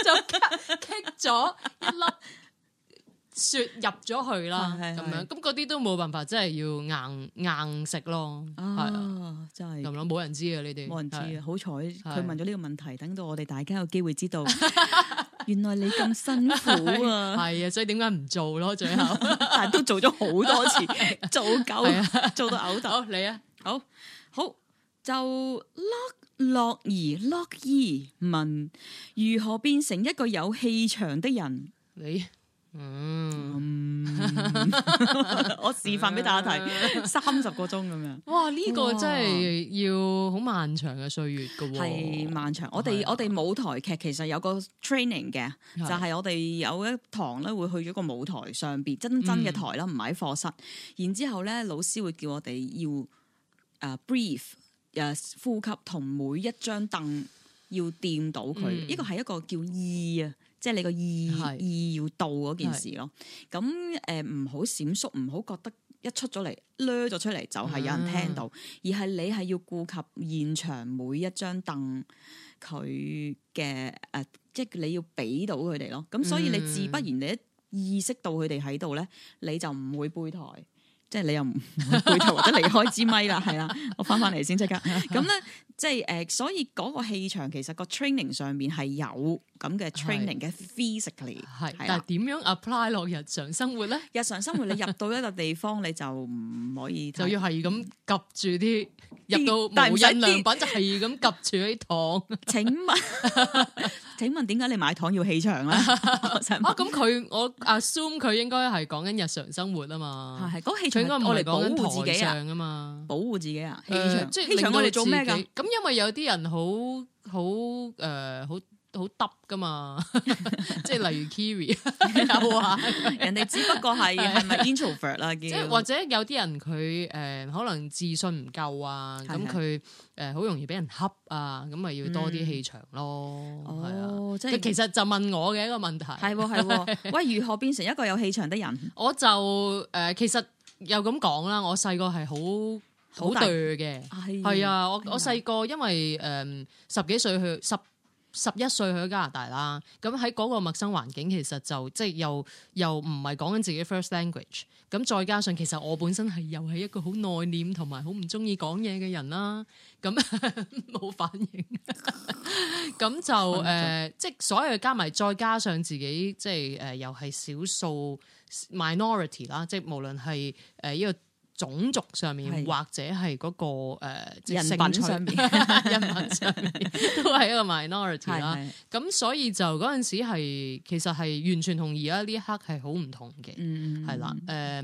就咳咳咗一粒雪入咗去啦，咁樣咁嗰啲都冇辦法，真係要硬硬食咯，係啊，真係咁樣，冇人知啊呢啲，冇人知啊，好彩佢問咗呢個問題，等到我哋大家有機會知道。原來你咁辛苦啊！係啊， 所以點解唔做咯？最後， 但都做咗好多次，做夠， 啊、做到嘔頭。你啊！ 好，好就 lock 樂兒，樂兒問如何變成一個有氣場的人？你。嗯，um, 我示範俾大家睇，三十個鐘咁樣。哇，呢、這個真係要好漫長嘅歲月噶。係漫長。我哋的我哋舞台劇其實有個 training 嘅，的就係我哋有一堂咧會去咗個舞台上邊真真嘅台啦，唔係喺課室。嗯、然之後咧，老師會叫我哋要誒 breath 誒呼吸，同每一張凳要掂到佢。呢個係一個叫意啊。即係你個意是意要到嗰件事咯，咁誒唔好閃縮，唔好、呃、覺得一出咗嚟，掠咗出嚟就係、是、有人聽到，啊、而係你係要顧及現場每一張凳佢嘅誒，即係、呃就是、你要俾到佢哋咯。咁所以你自不然你一意識到佢哋喺度咧，嗯、你就唔會背台。即係你又唔回頭或者離開支咪啦，係啦， 我翻翻嚟先即刻。咁咧， 即係誒，所以嗰個氣場其實個 training 上面係有咁嘅 training 嘅 physically，係。但係點樣 apply 落日常生活咧？ 日常生活你入到一個地方，你就唔可以，就要係咁夾住啲入到無印良品，就係咁夾住啲糖。 請問？ 請問點解你買糖要氣場啦？ 啊，咁佢 我 assume 佢應該係講緊日常生活啊嘛，係講氣場應該唔係講保護自己啊嘛，保護自己啊，氣、嗯啊、場、呃、即係使氣場我嚟做咩噶？咁因為有啲人好好誒好。好耷噶嘛，即係例如 Kiri 又話人哋只不過係係咪 introvert 啦叫，或者有啲人佢誒可能自信唔夠啊，咁佢誒好容易俾人恰啊，咁咪要多啲氣場咯，係啊、嗯 oh。即其實就問我嘅一個問題係係喂，如何變成一個有氣場的人？我就誒、呃、其實又咁講啦，我細個係好好惰嘅，係啊、哎，我我細個因為誒十幾歲去十歲。十十一歲去咗加拿大啦，咁喺嗰個陌生環境，其實就即係又又唔係講緊自己 first language，咁再加上其實我本身係又係一個好內斂同埋好唔中意講嘢嘅人啦，咁冇 反應，咁 就誒、 嗯呃，即係所有加埋，再加上自己即係誒、呃，又係少數 minority 啦，即係無論係誒呢個。種族上面是或者係嗰、嗰個誒，呃、人品上面，呃、人品上面 都係一個 minority 啦是。咁所以就嗰陣時係，其實係完全同而家呢一刻係好唔同嘅，係、嗯、啦。誒、呃，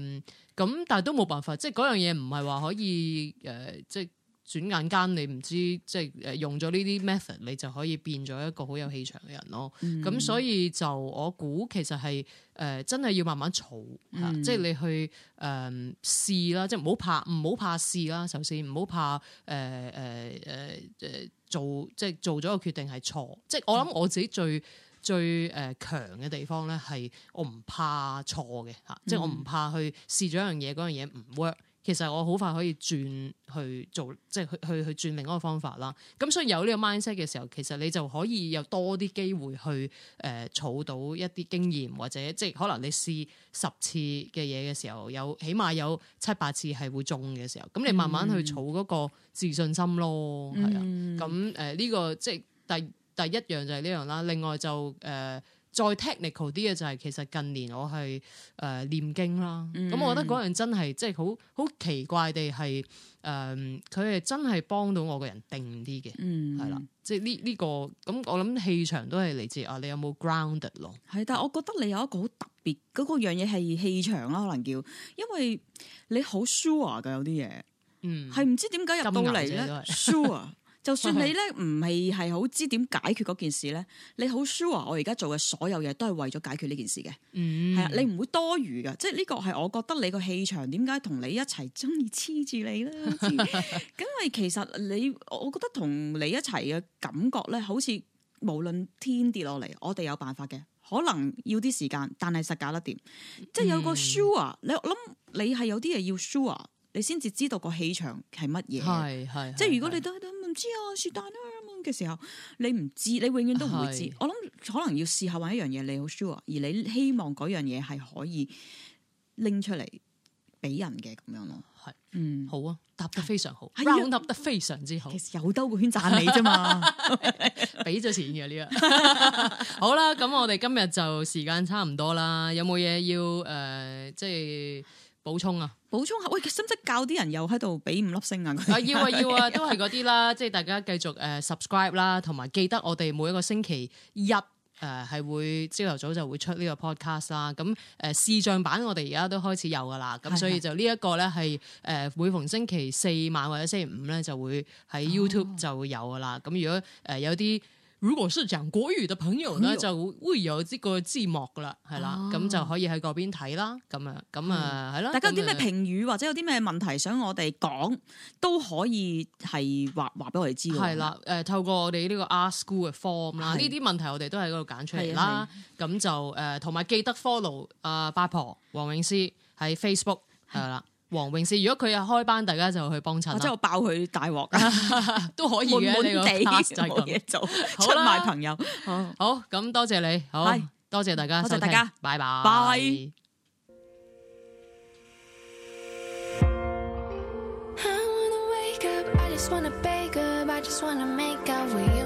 咁但係都冇辦法，即係嗰樣嘢唔係話可以誒、呃，即係。轉眼間你唔知即係誒用咗呢啲 method，你就可以變咗一個好有氣場嘅人咯。咁、嗯、所以就我估其實係誒、呃、真係要慢慢儲嚇，嗯、即係你去誒、呃、試啦，即係唔好怕，唔好怕試啦。首先唔好怕誒誒誒誒做，即係做咗個決定係錯。即係、嗯、我諗我自己最最誒強嘅地方咧，係我唔怕錯嘅嚇，即係、嗯、我唔怕去試咗一樣嘢，嗰樣嘢唔 work。其實我好快可以轉去做，即係去去去轉另一個方法啦。咁所以有呢個 mindset 嘅時候，其實你就可以有多啲機會去誒、呃、儲到一啲經驗，或者即係可能你試十次嘅嘢嘅時候，有起碼有七八次係會中嘅時候，咁你慢慢去儲嗰個自信心咯，係、嗯、啊。咁誒呢個即係第第一樣就係呢樣啦。另外就誒。呃再 technical 啲嘅就係其實近年我係誒唸經啦，咁、嗯、我覺得嗰樣真係即係好好奇怪地係誒，佢、呃、係真係幫到我個人定啲嘅，係啦、嗯，即係呢呢個咁我諗氣場都係嚟自啊，你有冇 grounded 咯？係，但係我覺得你有一個好特別嗰、嗰個樣嘢係氣場啦，可能叫，因為你好 sure 噶有啲嘢，係唔、嗯、知點解入到嚟咧 sure。就算你咧唔係係好知點解決嗰件事咧，你好 sure 我而家做嘅所有嘢都係為咗解決呢件事嘅，嗯，係啊，你唔會多餘嘅，即係呢個係我覺得你個氣場點解同你一齊中意黐住你咧？ 因為其實你我覺得同你一齊嘅感覺咧，好似無論天跌落嚟，我哋有辦法嘅，可能要啲時間，但係實搞得掂，即係有個 sure，嗯。你我諗你係有啲嘢要 sure，你先至知道個氣場係乜嘢。係係，即係如果你都。唔知啊，是但啦嘅時候，你唔知，你永遠都唔會知。是我諗可能要試下玩一樣嘢，你好 sure，而你希望嗰樣嘢係可以拎出嚟俾人嘅咁樣咯。係是，嗯，好啊，答得非常好，是答得非常之好。啊、其實有兜個圈賺你啫嘛，俾咗 錢嘅呢、這個。 好啦、啊，咁我哋今日就時間差唔多啦，有冇嘢要誒、呃，即係。補充啊，補充下喂，使唔使教啲人又喺度俾五粒星銀、啊？啊要啊要啊，都係嗰啲啦， 即係大家繼續誒 subscribe 啦，同埋記得我哋每一個星期一誒係、呃、會朝頭早就會出呢個 podcast 啦。咁誒視像版我哋而家都開始有噶啦，咁的所以就呢一個咧係誒每逢星期四晚或者星期五咧就會喺 YouTube 就會有噶啦。咁、哦、如果誒、呃、有啲。如果係講國語嘅朋友咧，如就會有呢個字幕啦，係啦、啊，咁就可以喺嗰邊睇啦，咁樣咁啊，係咯。嗯嗯、大家有啲咩評語、嗯、或者有啲咩問題想我哋講，都可以係話話俾我哋知。係啦，誒、呃，透過我哋呢個 R School form, s c h o o l 嘅 form 啦，呢啲問題我哋都喺嗰度揀出嚟啦。咁就誒，同、呃、埋記得 follow 阿、呃、八婆黃詠詩喺 Facebook 係啦的。 黃詠詩，如果佢又開班，大家就去幫襯。我真係爆佢大鑊， 都可以嘅。滿滿地就冇嘢做， 啦出賣朋友。 好，咁多謝你，好 Hi. 多謝大家，多謝，謝大家，拜拜 bye。Bye.